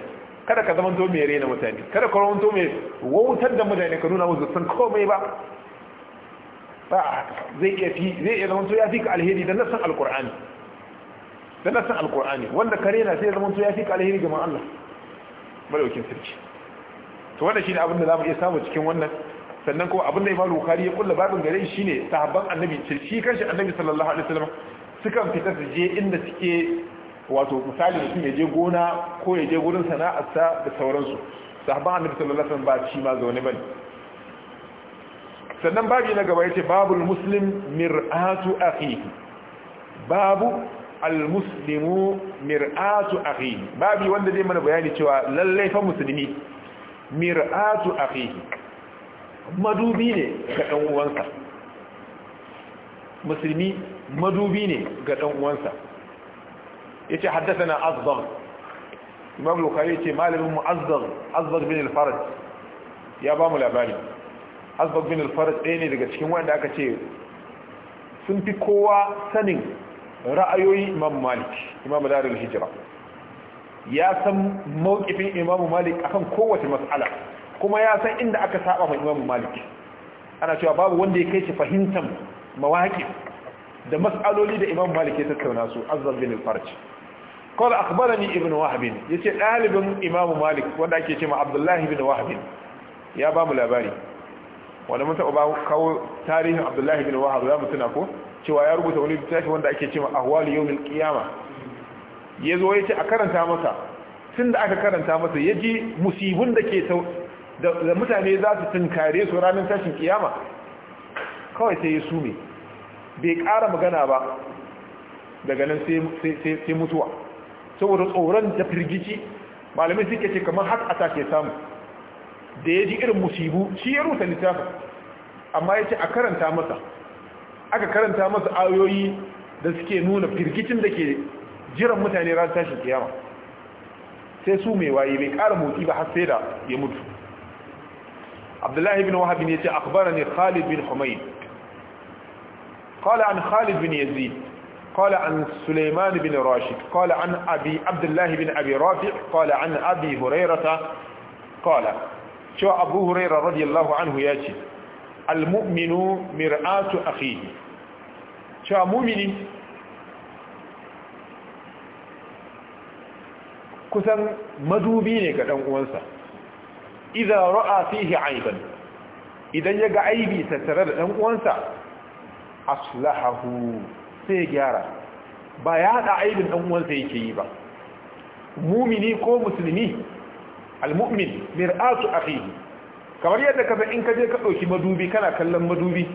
kada ka zama to mai rena mutane kada ka zama to mai wautar da mutane ka nuna musu san komai ba ba zai iya fi zai iya zama to ya fi ka alheri da san alqur'ani da nasan alkur'ani wanda kare na sai zama ya fi alheri ga Allah malaukin sirki to wannan shine abin da zamu iya samu cikin wannan sannan kuma abin da malu kari ya kulla babin gare shi ne sahabban Annabi shi kanshi Annabi sallallahu alaihi wasallam sukan fita su je inda suke wato misali mutum ya je gona ko ya je gurin sana'arsa da sauransu sahabban Annabi sallallahu alaihi wasallam ba shi ma zaune bane sannan babi na gaba yace babul muslim mir'atu akhihi babu almuslimu mir'atu akhihi babi wanda zai mana bayani cewa lallai fa musulmi mir'atu akhihi madubi ne ga dan uwansa musulmi madubi ne ga dan uwansa yace haddathana azdar imam bukhari yace malamin mu azdar azdar bin al ya ba mu labari azdar bin al ɗaya ne daga cikin wanda aka ce sun fi kowa sanin ra'ayoyi imam malik imam darul hijira ya san mawqifin imam malik akan kowace mas'ala kuma ya san inda aka saba ma imam malik ana cewa babu wanda ya kai shi fahimtar mawaqif da mas'aloli da imam malik ya tattauna su azzal bin al-farj قال أخبرني ابن وهب يتي طالب Imam مالك wanda ake cewa Abdullah ibn Wahab ya ba mu labari wanda mun taɓa kawo tarihin abdullahi bin wahab za mu tuna ko cewa ya rubuta wani littafi wanda ake cewa ahwal yawmil qiyama yazo yace a karanta masa tunda aka karanta masa yaji musibun da ke da mutane za su tunkare su ranar tashin kiyama kawai sai ya sume bai ƙara magana ba daga nan sai mutuwa saboda tsoron da firgici malami suke ce kamar haka ata ke samu da ya ji irin musibu shi ya rusa littafin amma ya ce a karanta masa aka karanta masa ayoyi da suke nuna firgicin da ke jiran mutane ran tashin kiyama sai su mai waye mai ƙara motsi ba har sai da ya mutu abdullahi bin wahab ne ce akhbarani khalid bin humayd kala an khalid bin yazid qala an sulaiman bin rashid qala an abi abdullah bin abi rafi qala an abi hurairah qala cewa abu huraira radiyallahu anhu ya yace al mu'minu mir'atu akhihi cewa mumini kusan madubi ne ga ɗanuwansa uwansa idan ra'a fihi aiban idan ya ga aibi tattare da ɗan'uwansa, uwansa aslahahu sai gyara ba ya haɗa aibin ɗan uwansa yake yi ba mumini ko musulmi almu'min mir'atu akhihi kamar yadda ka in ka je ka ɗauki madubi kana kallon madubi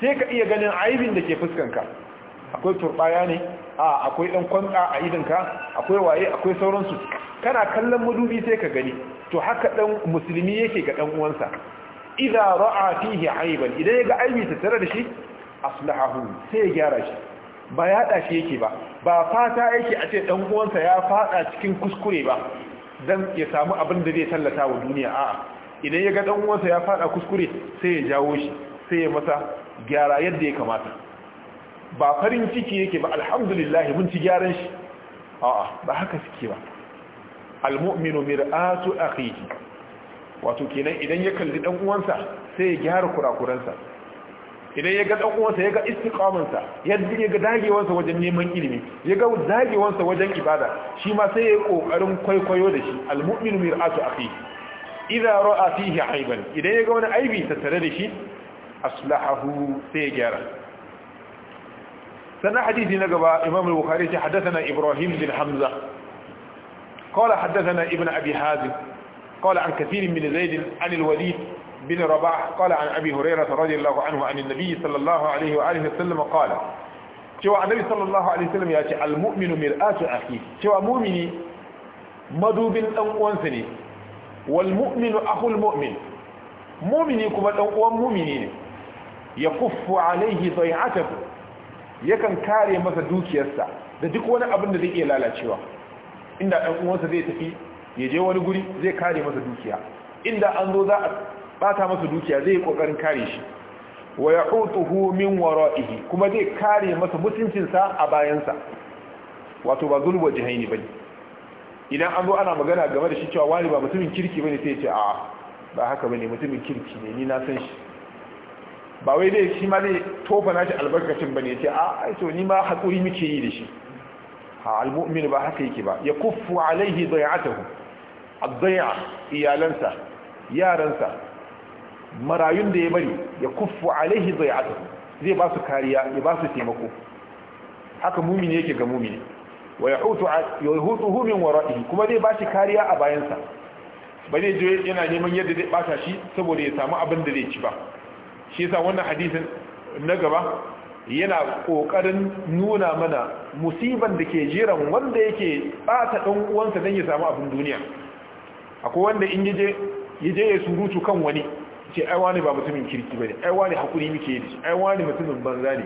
sai ka iya ganin aibin da ke fuskanka akwai turbaya ne a akwai ɗan kwanta a idonka akwai waye akwai sauransu kana kallon madubi sai ka gani to haka dan musulmi yake ga ɗan uwansa idza ra'a fihi aiban idan ya ga aibi tare da shi aslahahu sai ya gyara shi ba ya hada shi yake ba ba fata yake a ce ɗan uwansa ya fada cikin kuskure ba dan ya samu abin da zai tallata wa duniya a'a idan ya ga dan uwansa ya fada kuskure sai ya jawo shi sai ya masa gyara yadda ya kamata ba farin ciki yake ba alhamdulillah mun ci gyaran shi a'a ba haka suke ba almu'minu mir'atu akhihi wato kenan idan ya kalli dan uwansa sai ya gyara kurakuransa idan ya ga dan uwansa ya ga istiqamansa yadda ya ga dagewansa wajen neman ilimi ya ga dagewansa wajen ibada shi ma sai ya yi kokarin kwaikwayo da shi almu'minu mir'atu akhihi idza ra'a fihi aiban idan ya ga wani aibi tattare da shi aslahahu sai ya gyara sannan hadisi na gaba imam al-bukhari ya haddathana ibrahim bin hamza qala haddathana ibn abi hazim qala an kathir min bin rabah qala an abi hurairah radiyallahu anhu an sallallahu alayhi wa alihi wasallam qala cewa annabi sallallahu alaihi wasallam ya ce almu'minu mir'atu akhi cewa mu'mini madubin dan uwansa ne wal mu'minu mu'mini kuma dan uwan mu'mini ne ya kuffu alaihi bai'atahu yakan kare masa dukiyarsa da duk wani abin da zai iya lalacewa inda ɗan uwansa zai tafi ya je wani guri zai kare masa dukiya inda an zo za a bata masa dukiya zai yi kokarin kare shi wa yahutuhu min wara'ihi kuma zai kare masa mutuncinsa a bayansa wato ba zulu wajhaini bane idan an zo ana magana game da shi cewa wani ba mutumin kirki bane sai ya ce a ba haka bane mutumin kirki ne ni na san shi ba wai dai shi ma zai tofa nashi albarkacin bane ce a ah, ai to ni ma hakuri muke yi da shi ha almu'min ba haka yake ba ya kuffu alaihi dai'atahu ad-dai'a iyalansa yaransa marayun da ya bari ya kuffu alaihi dai'atahu zai ba su kariya ya ba su taimako haka mumini yake ga mumini wa yahutu yahutuhu min wara'ihi kuma zai ba shi kariya a bayansa ba zai je yana neman yadda zai bata shi saboda ya samu abin da zai ci ba shi yasa wannan hadisin na gaba yana kokarin nuna mana musiban da ke jiran wanda yake bata dan uwansa dan ya samu abin duniya akwai wanda in yaje yaje ya surutu kan wani ce ai wani ba mutumin kirki bane ai wani hakuri muke yi ai wani mutumin banza ne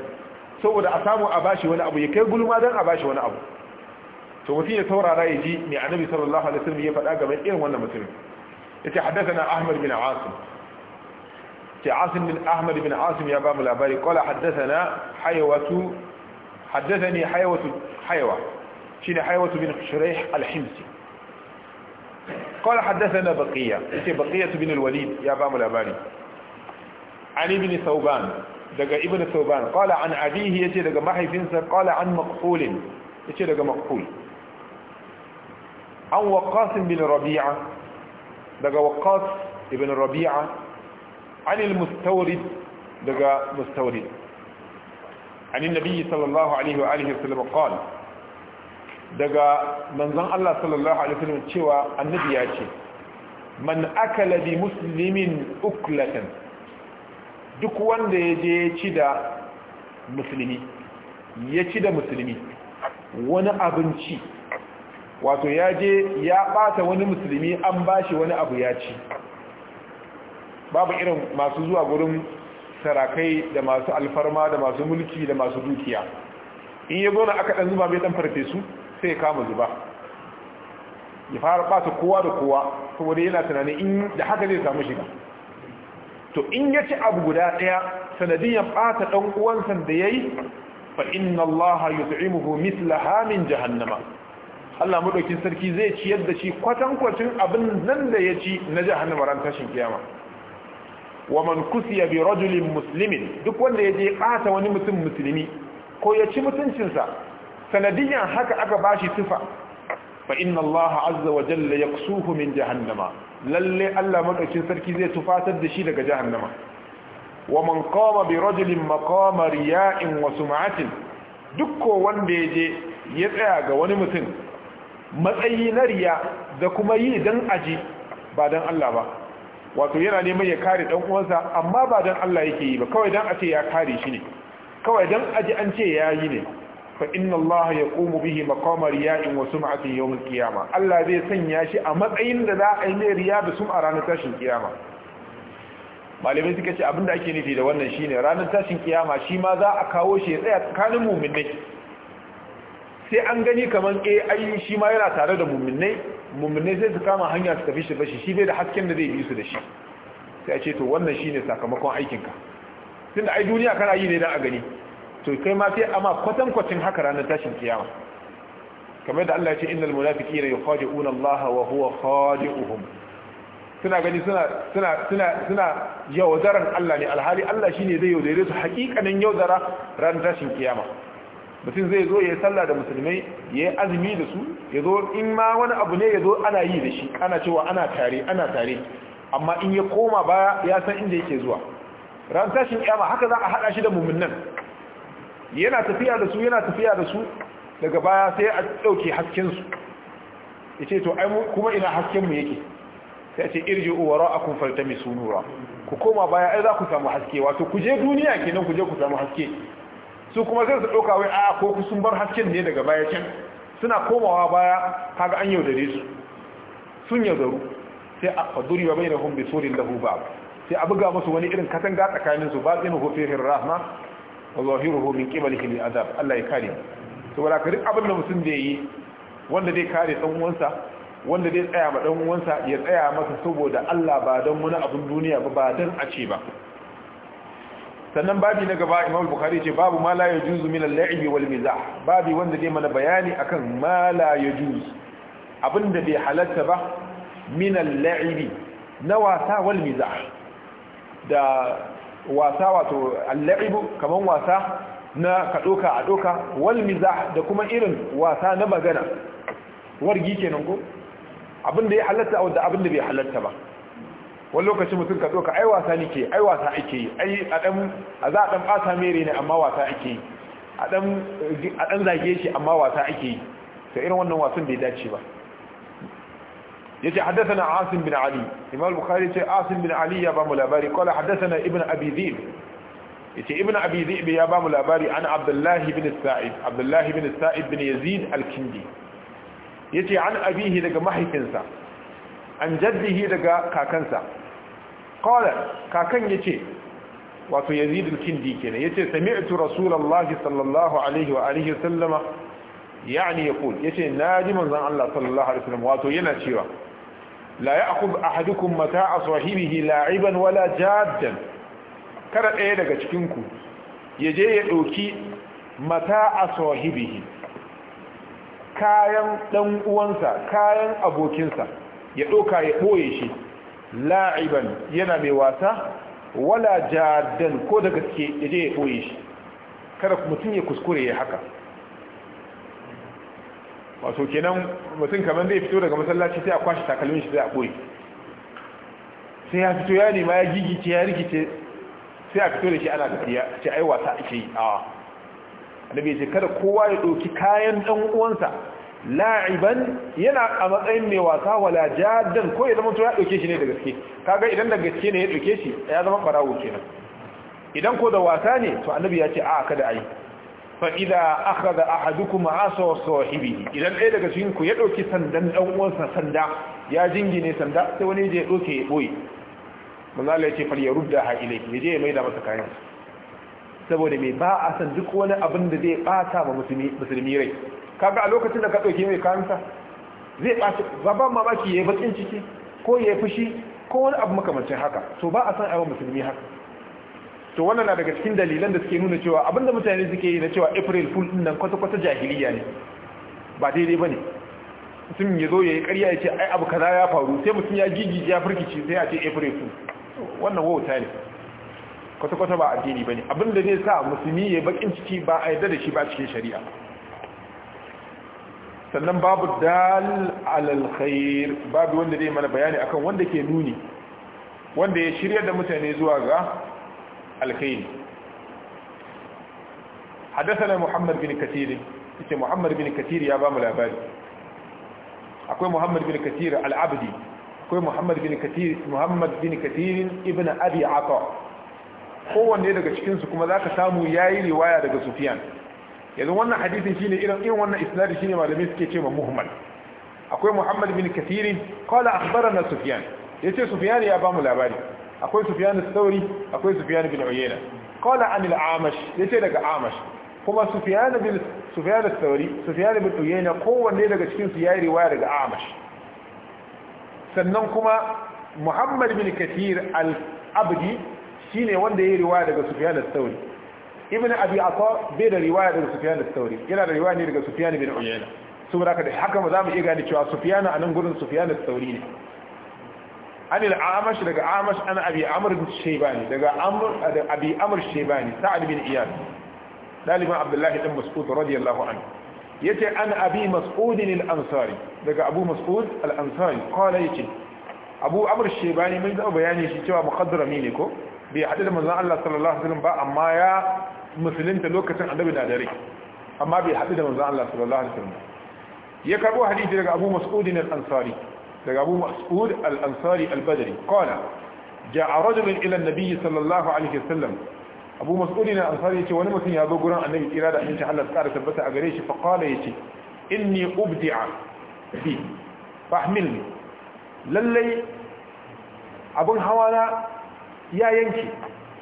saboda a samu a bashi wani abu ya kai gulma dan a bashi wani abu to mutum ya saurara ya ji me annabi sallallahu alaihi wasallam ya faɗa game irin wannan mutumin yace haddathana ahmad bin asim عاصم بن أحمد بن عاصم يا بام الأباري قال حدثنا حيوة حدثني حيوة حيوة شين حيوة بن شريح الحمسي قال حدثنا بقية بقية بن الوليد يا بام الأباري عن ابن ثوبان دقى ابن ثوبان قال عن أبيه يتي دقى محي فينسا قال عن مقفول يتي دقى مقفول عن وقاص بن ربيعة دقى وقاص ابن ربيعة anil mustawrid daga mustawrid عن النبي صلى الله wa وآله وسلم قال daga manzon Allah sallallahu alaihi wasallam cewa annabi ya ce man akala bi muslimin uklatan duk wanda ya je ci da musulmi ya ci da musulmi wani abinci wato ya je ya bata wani musulmi an bashi wani abu ya ci babu irin masu zuwa gurin sarakai da masu alfarma da masu mulki da masu dukiya in ya gona aka ɗan zuba mai dan farfesu sai ya kama zuba ya fara ɓata kowa da kowa saboda yana tunanin in da haka zai samu shiga to in ya ci abu guda ɗaya sanadiyan ɓata ɗan uwansa da ya yi fa inna allaha yut'imuhu mislaha min jahannama Allah madaukin sarki zai ciyar da shi kwatankwacin abin nan da ya ci na jahannama ran tashin kiyama wa man kusiya bi rajulin duk wanda ya je ɓata wani mutum musulmi ko ya ci mutuncinsa sanadiyan haka aka bashi tufa. fa inna allaha azza wa jalla yaksuhu min jahannama lalle Allah makacin sarki zai tufatar da shi daga jahannama wa man qama bi rajulin maqama riya'in wanda ya ya tsaya ga wani mutum matsayi na riya da kuma yi dan aji ba dan Allah ba wato yana neman ya kare dan uwansa amma ba dan Allah yake yi ba kawai dan a ce ya kare shi ne kawai dan aji an ce ya yi ne fa inna Allah yaqumu bihi maqama riya'in wa sum'atin yawm al-qiyama Allah zai sanya shi a matsayin da za a yi mai riya da sum'a ranar tashin kiyama malamai suka ce abinda ake nufi da wannan shine ranar tashin kiyama shi ma za a kawo shi ya tsaya tsakanin mu'minai sai an gani kaman eh ai shi ma yana tare da mu'minai mummune sai su kama hanya su tafi shi bashi shi bai da hasken da zai bi su da shi sai a ce to wannan shine sakamakon aikinka tunda ai duniya kana yi ne dan a gani to kai ma sai amma kwatan kwatin haka ranar tashin kiyama kamar da Allah ya ce innal munafiqina yukhadi'una Allah wa huwa khadi'uhum suna gani suna suna suna suna yaudaran Allah ne alhali Allah shine zai yaudare su hakikanin yaudara ranar tashin kiyama mutum zai zo ya yi sallah da musulmai ya yi azumi da su ya zo in ma wani abu ne ya zo ana yi da shi ana cewa ana tare ana tare amma in ya koma baya ya san inda yake zuwa ran tashin kiyama haka za a hada shi da mu'minnan yana tafiya da su yana tafiya da su daga baya sai a dauke hasken su yace to ai kuma ina hasken mu yake sai ce irji'u wara'akum faltamisu nura ku koma baya ai za ku samu haske wato ku je duniya kenan ku je ku samu haske su kuma zai su ɗauka wai a ah, ko sun bar hasken ne daga baya can suna komawa baya kaga an yaudare su sun yaudaru sai a faduri wa bayyana hun bisorin lahu ba sai a buga musu wani irin katanga tsakanin su ba tsinu hufihin rahma wa zahiruhu min qibali hil azab Allah ya kare to wala ka duk abin da mutum da yi wanda zai kare dan uwansa wanda zai tsaya ma ɗan uwansa ya tsaya masa saboda Allah ba don wani abun duniya ba ba don a ce ba sannan babi na gaba imam bukhari ce babu ma la yajuzu min al-la'ibi wal mizah babi wanda zai mana bayani akan ma la yajuz abinda bai halatta ba min al-la'ibi na wasa wal mizah da wasa wato al-la'ibu kaman wasa na ka doka a doka wal mizah da kuma irin wasa na magana wargi kenan ko abinda ya halatta wanda abinda bai halatta ba wani lokacin mutum ka doka ai wasa nike ai wasa ake yi ai a dan a za a dan bata mere ne amma wasa ake yi a dan a dan zage shi amma wasa ake yi to irin wannan wasan bai dace ba yace na asim bin ali imam bukhari ce asim bin ali ya ba mu labari haddasa na ibn abi dhib yace ibn abi dhib ya ba mu labari an Abdullahi bin sa'id Abdullahi bin sa'id bin yazid al-kindi yace an abihi daga mahaifinsa an jaddihi daga kakansa qala kakan ce wato yazid kindi kenan yace sami'tu rasulallahi sallallahu alaihi wa alihi sallama ya ce yace ji manzan Allah sallallahu alaihi wasallam wato yana cewa la ya'khudh ahadukum mata'a sahibihi la'iban wala jaddan kada ɗaya daga cikin ya je ya ɗauki mata a sahibihi kayan ɗan uwansa kayan abokinsa ya ɗauka ya ɓoye shi la'iban yana mai wasa wala jadan ko da gaske yaje je ya ɓoye shi kada mutum ya kuskure ya haka wato kenan mutum kamar zai fito daga masallaci sai a kwashe takalmin shi sai a ɓoye sai ya fito ya nema ya gigice ya rikice sai a fito da shi ana tafiya ce ai wasa ake yi a annabi ya ce kada kowa ya ɗauki kayan ɗan uwansa la'iban yana a matsayin mai wasa wala jaddan ko ya zama to ya dauke shi ne da gaske kaga idan da gaske ne ya dauke shi ya zama barawo kenan idan ko da wasa ne to annabi ya ce a kada ayi fa idza akhadha ahadukum asa wa sahibihi idan ɗaya daga cikin ku ya ɗauki sandan dan uwansa sanda ya jingine sanda sai wani je ya dauke ya boye manzo Allah ya ce fa yarudda ha ilayhi je ya maida masa kayan saboda me ba a san duk wani abin da zai bata ba musulmi musulmi rai kaga a lokacin da ka mai kayansa zai mamaki ya yi baƙin ciki ko ya yi fushi ko wani abu makamancin haka to ba a san aiwa musulmi haka to wannan na daga cikin dalilan da suke nuna cewa abinda mutane suke yi na cewa april fool din nan kwata-kwata jahiliya ne ba daidai ba ne mutum ya zo ya yi karya ya ce ai abu kaza ya faru sai mutum ya gigi ya firkici sai a ce april fool wannan wauta ne kwata-kwata ba addini ba ne abinda zai sa musulmi ya bakin ciki ba a yarda da shi ba cikin shari'a sannan babu dal alal khair babu wanda zai mana bayani akan wanda ke nuni wanda ya shirya da mutane zuwa ga alkhair hadathana muhammad bin kathir yace Muhammad bin Kathir ya ba mu labari akwai Muhammad bin Kathir al-Abdi akwai Muhammad bin Kathir Muhammad bin Kathir ibn Abi Ata kowanne daga cikin su kuma zaka samu yayi riwaya daga Sufyan yanzu wannan hadisin shine irin irin wannan isnadi shine malamai suke cewa muhammad akwai muhammad bin kathir qala akhbarana sufyan yace sufyan ya bamu labari akwai sufyan al-thawri akwai sufyan bin uyayna qala an al-amash yace daga amash kuma sufyan bin sufyan al-thawri sufyan bin uyayna kowanne daga cikin su yayi riwaya daga amash sannan kuma muhammad bin kathir al-abdi shine wanda yayi riwaya daga sufyan al-thawri ibn abi asa bai da riwaya daga sufyan da thawri yana da riwaya ne daga sufyan bin uyayna saboda haka haka ma zamu iya gane cewa sufyan anan gurin sufyan da thawri ne an al-amash daga amash ana abi amr bin shaybani daga amr da abi amr shaybani sa'ad bin iyad daliban abdullahi bin mas'ud radiyallahu anhu yace an abi mas'ud al-ansari daga abu mas'ud al-ansari qala yace abu amr shaybani mun da bayani shi cewa muqaddarami ne ko bai hadu da manzon Allah sallallahu alaihi wasallam ba amma ya musulunta lokacin annabi da dare amma bai haɗu da manzon Allah sallallahu alaihi wasallam ya karbo hadisi daga Abu Mas'ud al-Ansari daga Abu Mas'ud al-Ansari al-Badri qala ja'a rajulun ila an-nabi sallallahu alaihi wasallam Abu Mas'ud al-Ansari yace wani mutum ya zo gurin annabi kira da annabi Allah ya tabbata a gare shi fa qala yace inni ubdi'a bi fahmilni lallai abun hawa na ya yanki.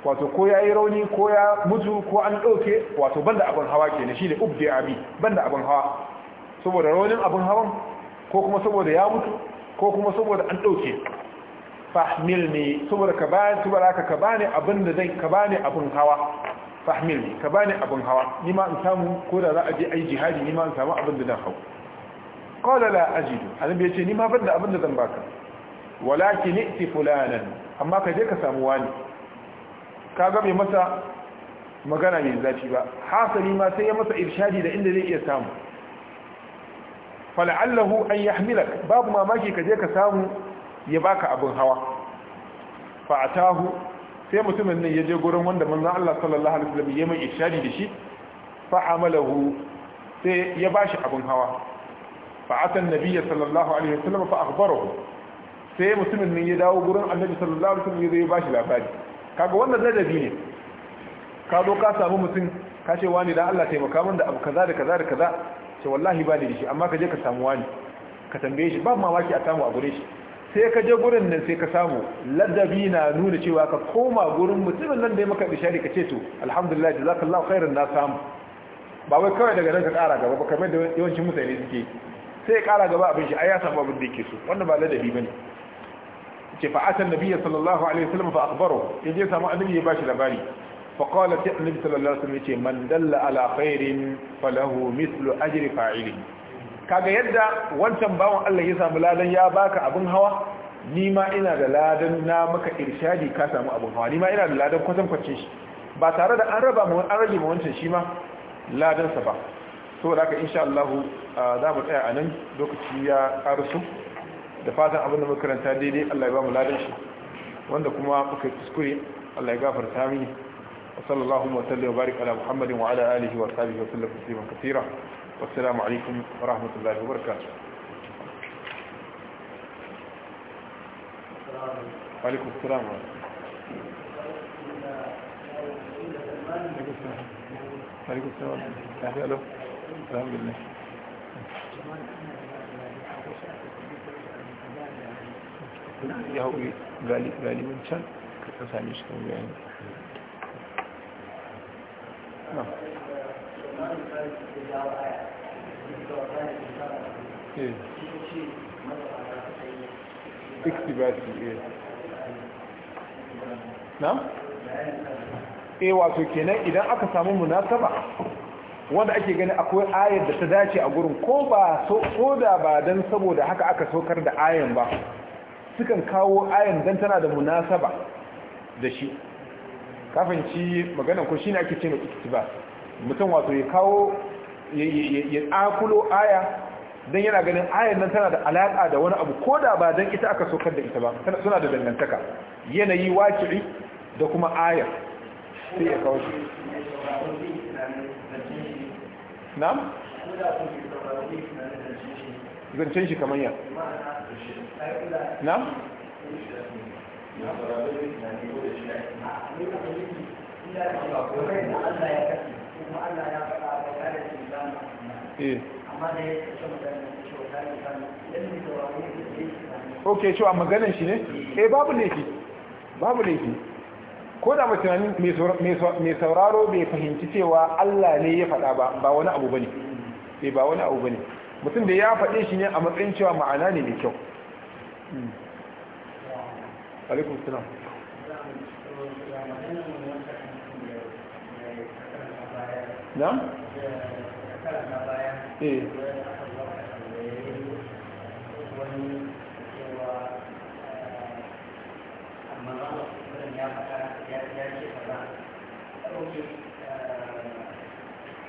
wato ko ya yi rauni ko ya mutu ko an ɗauke wato banda abin hawa ke ne shi ne ubde abi banda abin hawa saboda raunin abin hawan ko kuma saboda ya mutu ko kuma saboda an ɗauke fahmil ne saboda ka bayan su baraka ka bani abin da zai ka bani abin hawa fahmil ne ka bani abin hawa ni ma in samu ko da za a je ai jihadi ni ma in samu abin da zan hau qala la ajidu annabi ya ce ni ma banda abin da zan baka walakin iti fulanan amma ka je ka samu wani kaga mai masa magana mai zafi ba hasali ma sai ya masa irshadi da inda zai iya samu fal'allahu an yahmilak babu mamaki ka je ka samu ya baka abin hawa fa'atahu sai mutumin nan ya je gurin wanda manzon Allah sallallahu alaihi wasallam ya mai irshadi da shi hu sai ya bashi abin hawa fa'atan nabiyyi sallallahu alaihi wasallam fa akhbarahu sai mutumin nan ya dawo gurin annabi sallallahu alaihi wasallam ya bashi labari kaga wannan ladabi ne ka zo ka samu mutum ka ce wani da Allah taimaka min da abu kaza da kaza da kaza ce wallahi ba ni da shi amma ka je ka samu wani ka tambaye shi ba mamaki a samu a gure shi sai ka je gurin nan sai ka samu ladabi na nuna cewa ka koma gurin mutumin nan da ya maka bishari ka ce to alhamdulillah jazakallahu khairan na samu ba wai kawai daga nan ka kara gaba ba kamar da yawancin mutane suke sai ya kara gaba abin shi ai ya samu abin da yake so wannan ba ladabi bane ce fa atan sallallahu alaihi wasallam fa akhbaro yaje samu annabi ya bashi labari fa qala ta annabi sallallahu alaihi wasallam ce man dalla ala khairin falahu mithlu ajri fa'ili kaga yadda wancan bawon Allah ya samu ladan ya baka abin hawa ni ma ina da ladan na maka irshadi ka samu abin hawa ni ma ina da ladan kwatan kwace shi ba tare da an raba mu an rage mu wancan shi ma ladan sa ba saboda haka insha Allah ah, za mu tsaya a nan lokaci ya karasu da fatan abinda da muka karanta daidai Allah ya ba mu ladan shi wanda kuma muka kuskure Allah ya gafarta mini wa sallallahu wa sallam wa barik ala muhammadin wa ala alihi wa sahbihi wa sallam tasliman wa assalamu alaikum wa rahmatullahi wa barakatuh wa wa alaikum assalam alaikum assalam wa rahmatullahi wa barakatuh ya hau wato kenan idan aka samu munasaba wanda ake gani akwai ayar da ta dace a gurin ko ba so ko da ba dan saboda haka aka sokar da ayan ba sukan kawo ayan dan tana da munasaba da shi kafin ci maganan ko shine ake cewa iktiba mutum wato ya kawo ya akulo aya dan yana ganin ayan nan tana da alaka da wani abu koda ba dan ita aka sokar da ita ba suna da dangantaka yanayi waqi'i da kuma aya sai ya kawo shi na'am zancen shi kamar ya na? Eh. ok a maganin shi ne? eh babu laifi babu laifi ko da mutunanin mai sauraro bai fahimci cewa allah ne ya fada ba wani abu ba ne eh, ba wani abu ba ne mutum da ya faɗe shi ne a matsayin cewa ma'ana ne mai kyau alaikum salam na? eh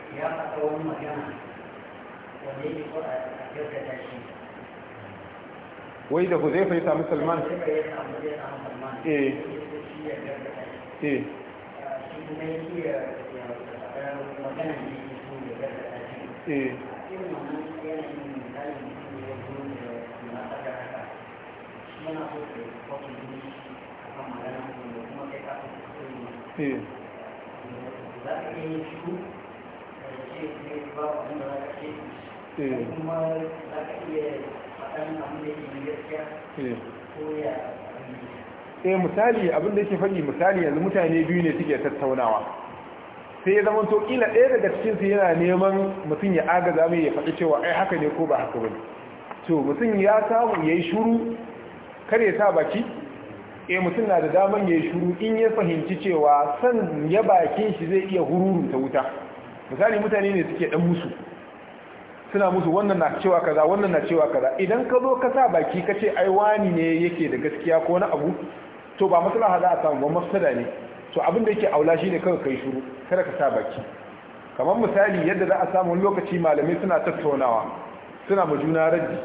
ya faɗa wani magana wai da huzaifa ya sami salman eh eh ah, eh eh Eh. kuma iya eh. eh misali abin da yake faɗi misali yanzu mutane biyu ne suke tattaunawa sai ya zama tokila ɗaya daga cikin su yana neman mutum ya agaza mai ya faɗi cewa ai haka ne ko ba haka wani to mutum ya samu yayi yi kar ya sa baki eh mutum na da daman ya yi shuru in ya fahimci cewa san ya bakin shi zai iya hururu ta wuta misali mutane ne suke ɗan musu suna musu wannan na cewa kaza wannan na cewa kaza idan ka zo ka sa baki ka ce ai wani ne yake da gaskiya ko na abu to ba maslaha za a samu ba mafsada ne to abin da yake aula shine kawai kai shuru kada ka sa baki kamar misali yadda za a samu lokaci malamai suna tattaunawa suna ba juna raddi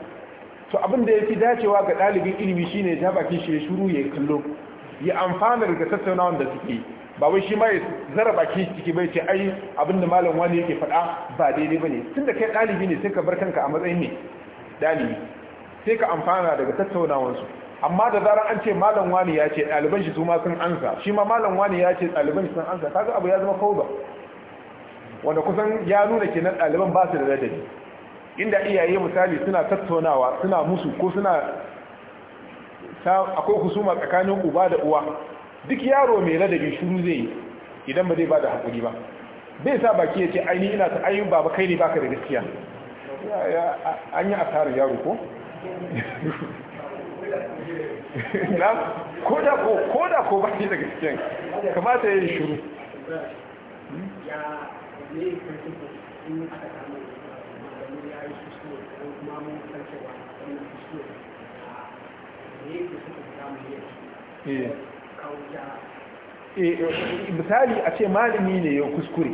to abin da yake dacewa ga ɗalibin ilimi shine ya ja bakin shi ya shiru ya kallo ya amfana daga tattaunawan da suke yi ba wai shi ma ya zara baki ciki bai ce ai abin da malam wani yake faɗa ba daidai bane da kai ɗalibi ne sai ka bar kanka a matsayin ne ɗalibi sai ka amfana daga tattaunawansu amma da zarar an ce malam wani ya ce ɗaliban shi su ma sun ansa shi ma malam wani ya ce ɗaliban shi sun ansa kaga abu ya zama fauda wanda kusan ya nuna kenan ɗaliban ba su da ladabi inda iyaye misali suna tattaunawa suna musu ko suna akwai husuma tsakanin uba da uwa duk yaro mai ladabi shuru zai idan ba zai ba da haƙuri ba bai sa baki ya ce aini ina ta ayin baba kai ne baka da gaskiya an yi asarar yaro ko na ko da ko ba da gaskiya kamata ya yi shuru Yeah. Eh, eh, misali a ce malami ne ya kuskure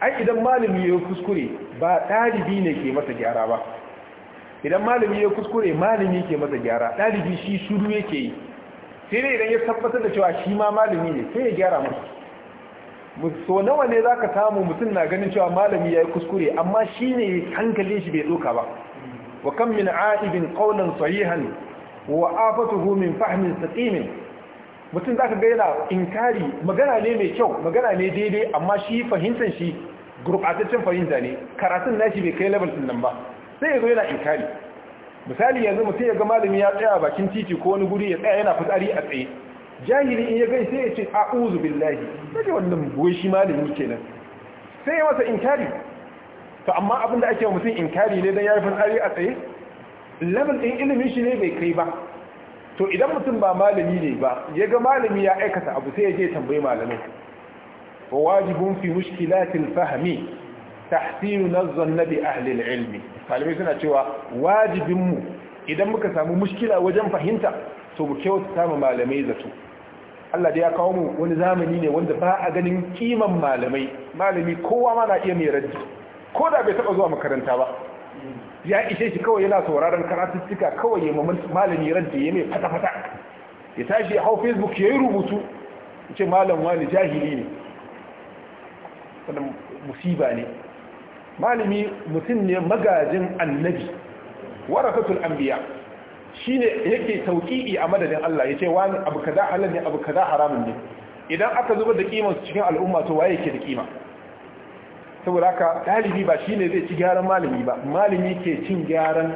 ai idan malami ya kuskure ba ɗalibi ne ke masa gyara ba idan malami ya kuskure malami ke masa gyara ɗalibi shi shuru yake yi sai dai idan ya tabbatar da cewa shi ma malami ne sai ya gyara musu so nawa ne za ka samu mutum na ganin cewa malami ya yi kuskure amma shi ne hankalin shi bai tsoka ba wa kan min a'ibin ƙaunan sahihan wa afatuhu min fahimin saqimin mutum za ka ga yana inkari magana ne mai kyau magana ne daidai amma shi fahimtar shi gurbataccen fahimta ne karatun nashi bai kai level nan ba sai ya zo yana inkari misali yanzu mutum ya ga malami ya tsaya bakin titi ko wani guri ya tsaya yana fitsari a tsaye jahili in ya gai sai ya ce a uzu billahi sai wannan buwai shi malami kenan sai ya masa inkari to amma abin da ake wa mutum inkari ne don ya yi fitsari a tsaye level ɗin ilimin shi ne bai kai ba to idan mutum ba malami ne ba ya ga malami ya aikata abu sai ya je tambayi malamin wa wajibun fi mushkilatil fahmi tahsinu nazzan nabi ahli ilmi malamai suna cewa wajibin mu idan muka samu mushkila wajen fahimta to mu kyautata samu malamai zato Allah da ya kawo mu wani zamani ne wanda ba a ganin kiman malamai malami kowa ma na iya mai raddi ko da bai taba zuwa makaranta ba ya ishe shi kawai yana sauraron karatuttuka kawai ya malami ranta ya mai fata-fata ya tashi ya hau facebook ya yi rubutu ce malam wani jahili ne wadda musiba ne malami mutum ne magajin annabi warakatul anbiya ne yake tauqi'i a madadin Allah ya ce wani abu kaza halar ne abu kaza haramun ne idan aka zubar da kimansu cikin al'umma to waye yake da kima saboda haka dalibi ba shine zai ci gyaran malami ba malami ke cin gyaran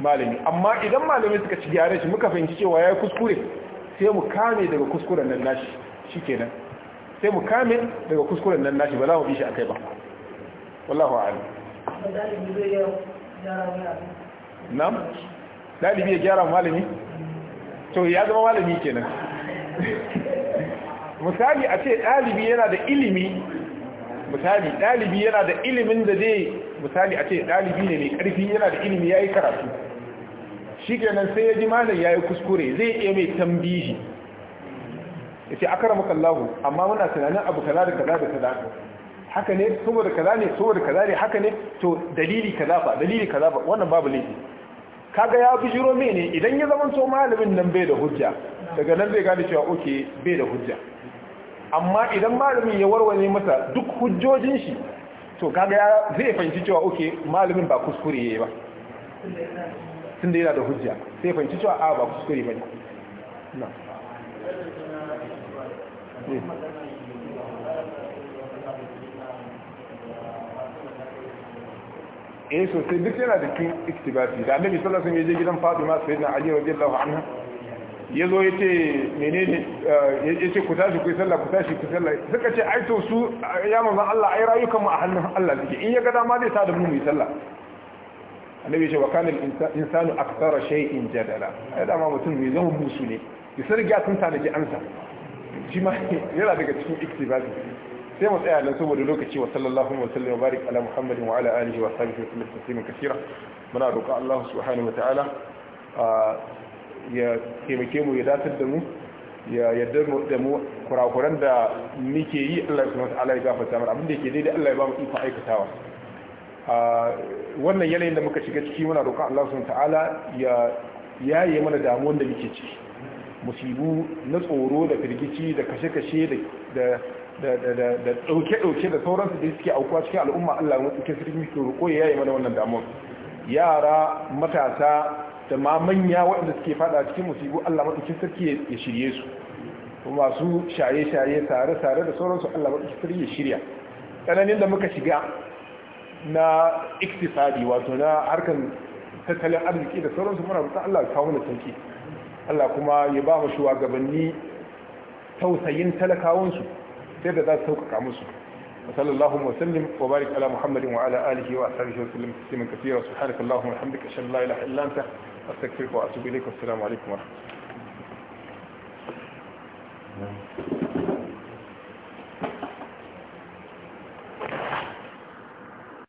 malami amma idan malami suka ci gyaran shi muka fahimci cewa ya yi kuskure sai mu kame daga kuskuren nan nashi shi kenan sai mu kame daga kuskuren nan nashi ba za mu bi shi akai ba wallahu a'lam nam ya gyara malami to ya zama malami kenan misali a ce ɗalibi yana da ilimi misali ɗalibi yana da ilimin da zai misali a ce ɗalibi ne mai ƙarfi yana da ilimi ya yi karatu shi kenan sai ya ji malam ya yi kuskure zai iya mai tambihi ya ce akara maka amma muna tunanin abu kaza da kaza da kaza haka ne saboda kaza ne saboda kaza ne haka ne to dalili kaza ba dalili kaza ba wannan babu laifi kaga ya bijiro mene idan ya zama so malamin nan bai da hujja daga nan zai gane cewa oke bai da hujja amma idan malamin ya warware masa duk hujjojin shi to kaga ya zai fahimci cewa oke malamin ba kuskure yayi ba tunda yana da hujja sai fahimci cewa a ba kuskure bane na eh sosai duk yana da kin iktibasi da annabi sallallahu alaihi wasallam ya je gidan Fatima sayyidina Ali radiyallahu anha ya zo ya ce menene eh, ya ce ku tashi ku yi sallah ku tashi ku sallah suka ce ai to su ya manzan Allah ai mu a hannun Allah suke in ya ga dama zai sa da mu mu yi sallah annabi ce wa kana insanu aktsara shay'in jadala ai dama mutum mai zama musu ne ya san riga sun tanaji amsa shi ma yana daga cikin iktibasi sai mu tsaya dan saboda lokaci wa sallallahu wa sallam barik ala muhammadin wa ala alihi wa sahbihi wa sallam tasliman kaseera muna roƙa Allah subhanahu wa ta'ala ah, ya taimake mu ya datar da mu ya yadda da mu kurakuran da muke yi Allah subhanahu wataala ya gafarta mana abin da yake daidai Allah ya ba mu ikon aikatawa a wannan yanayin da muka shiga ciki muna roƙon Allah subhanahu wataala ya yaye mana damuwan da muke ciki musibu na tsoro da firgici da kashe-kashe da da ɗauke-ɗauke da sauransu da suke aukuwa cikin al'umma Allah ya mutu ke sirri muke roƙo ya yaye mana wannan damuwan yara matasa da ma manya waɗanda suke fada cikin musibu Allah maɗaukin sarki ya shirye su masu shaye-shaye tare-tare da sauransu Allah maɗaukin sarki ya shirya tsananin da muka shiga na iktisadi wato na harkar tattalin arziki da sauransu muna roƙon Allah kawo mana sarki Allah kuma ya ba mu gabanni tausayin talakawunsu, sai da za su sauƙaƙa musu وصلى الله وسلم وبارك على محمد وعلى اله وصحبه وسلم تسليما كثيرا سبحانك اللهم وبحمدك اشهد ان لا اله الا انت أستكفيكم وأتوب إليك والسلام عليكم ورحمة الله نعم.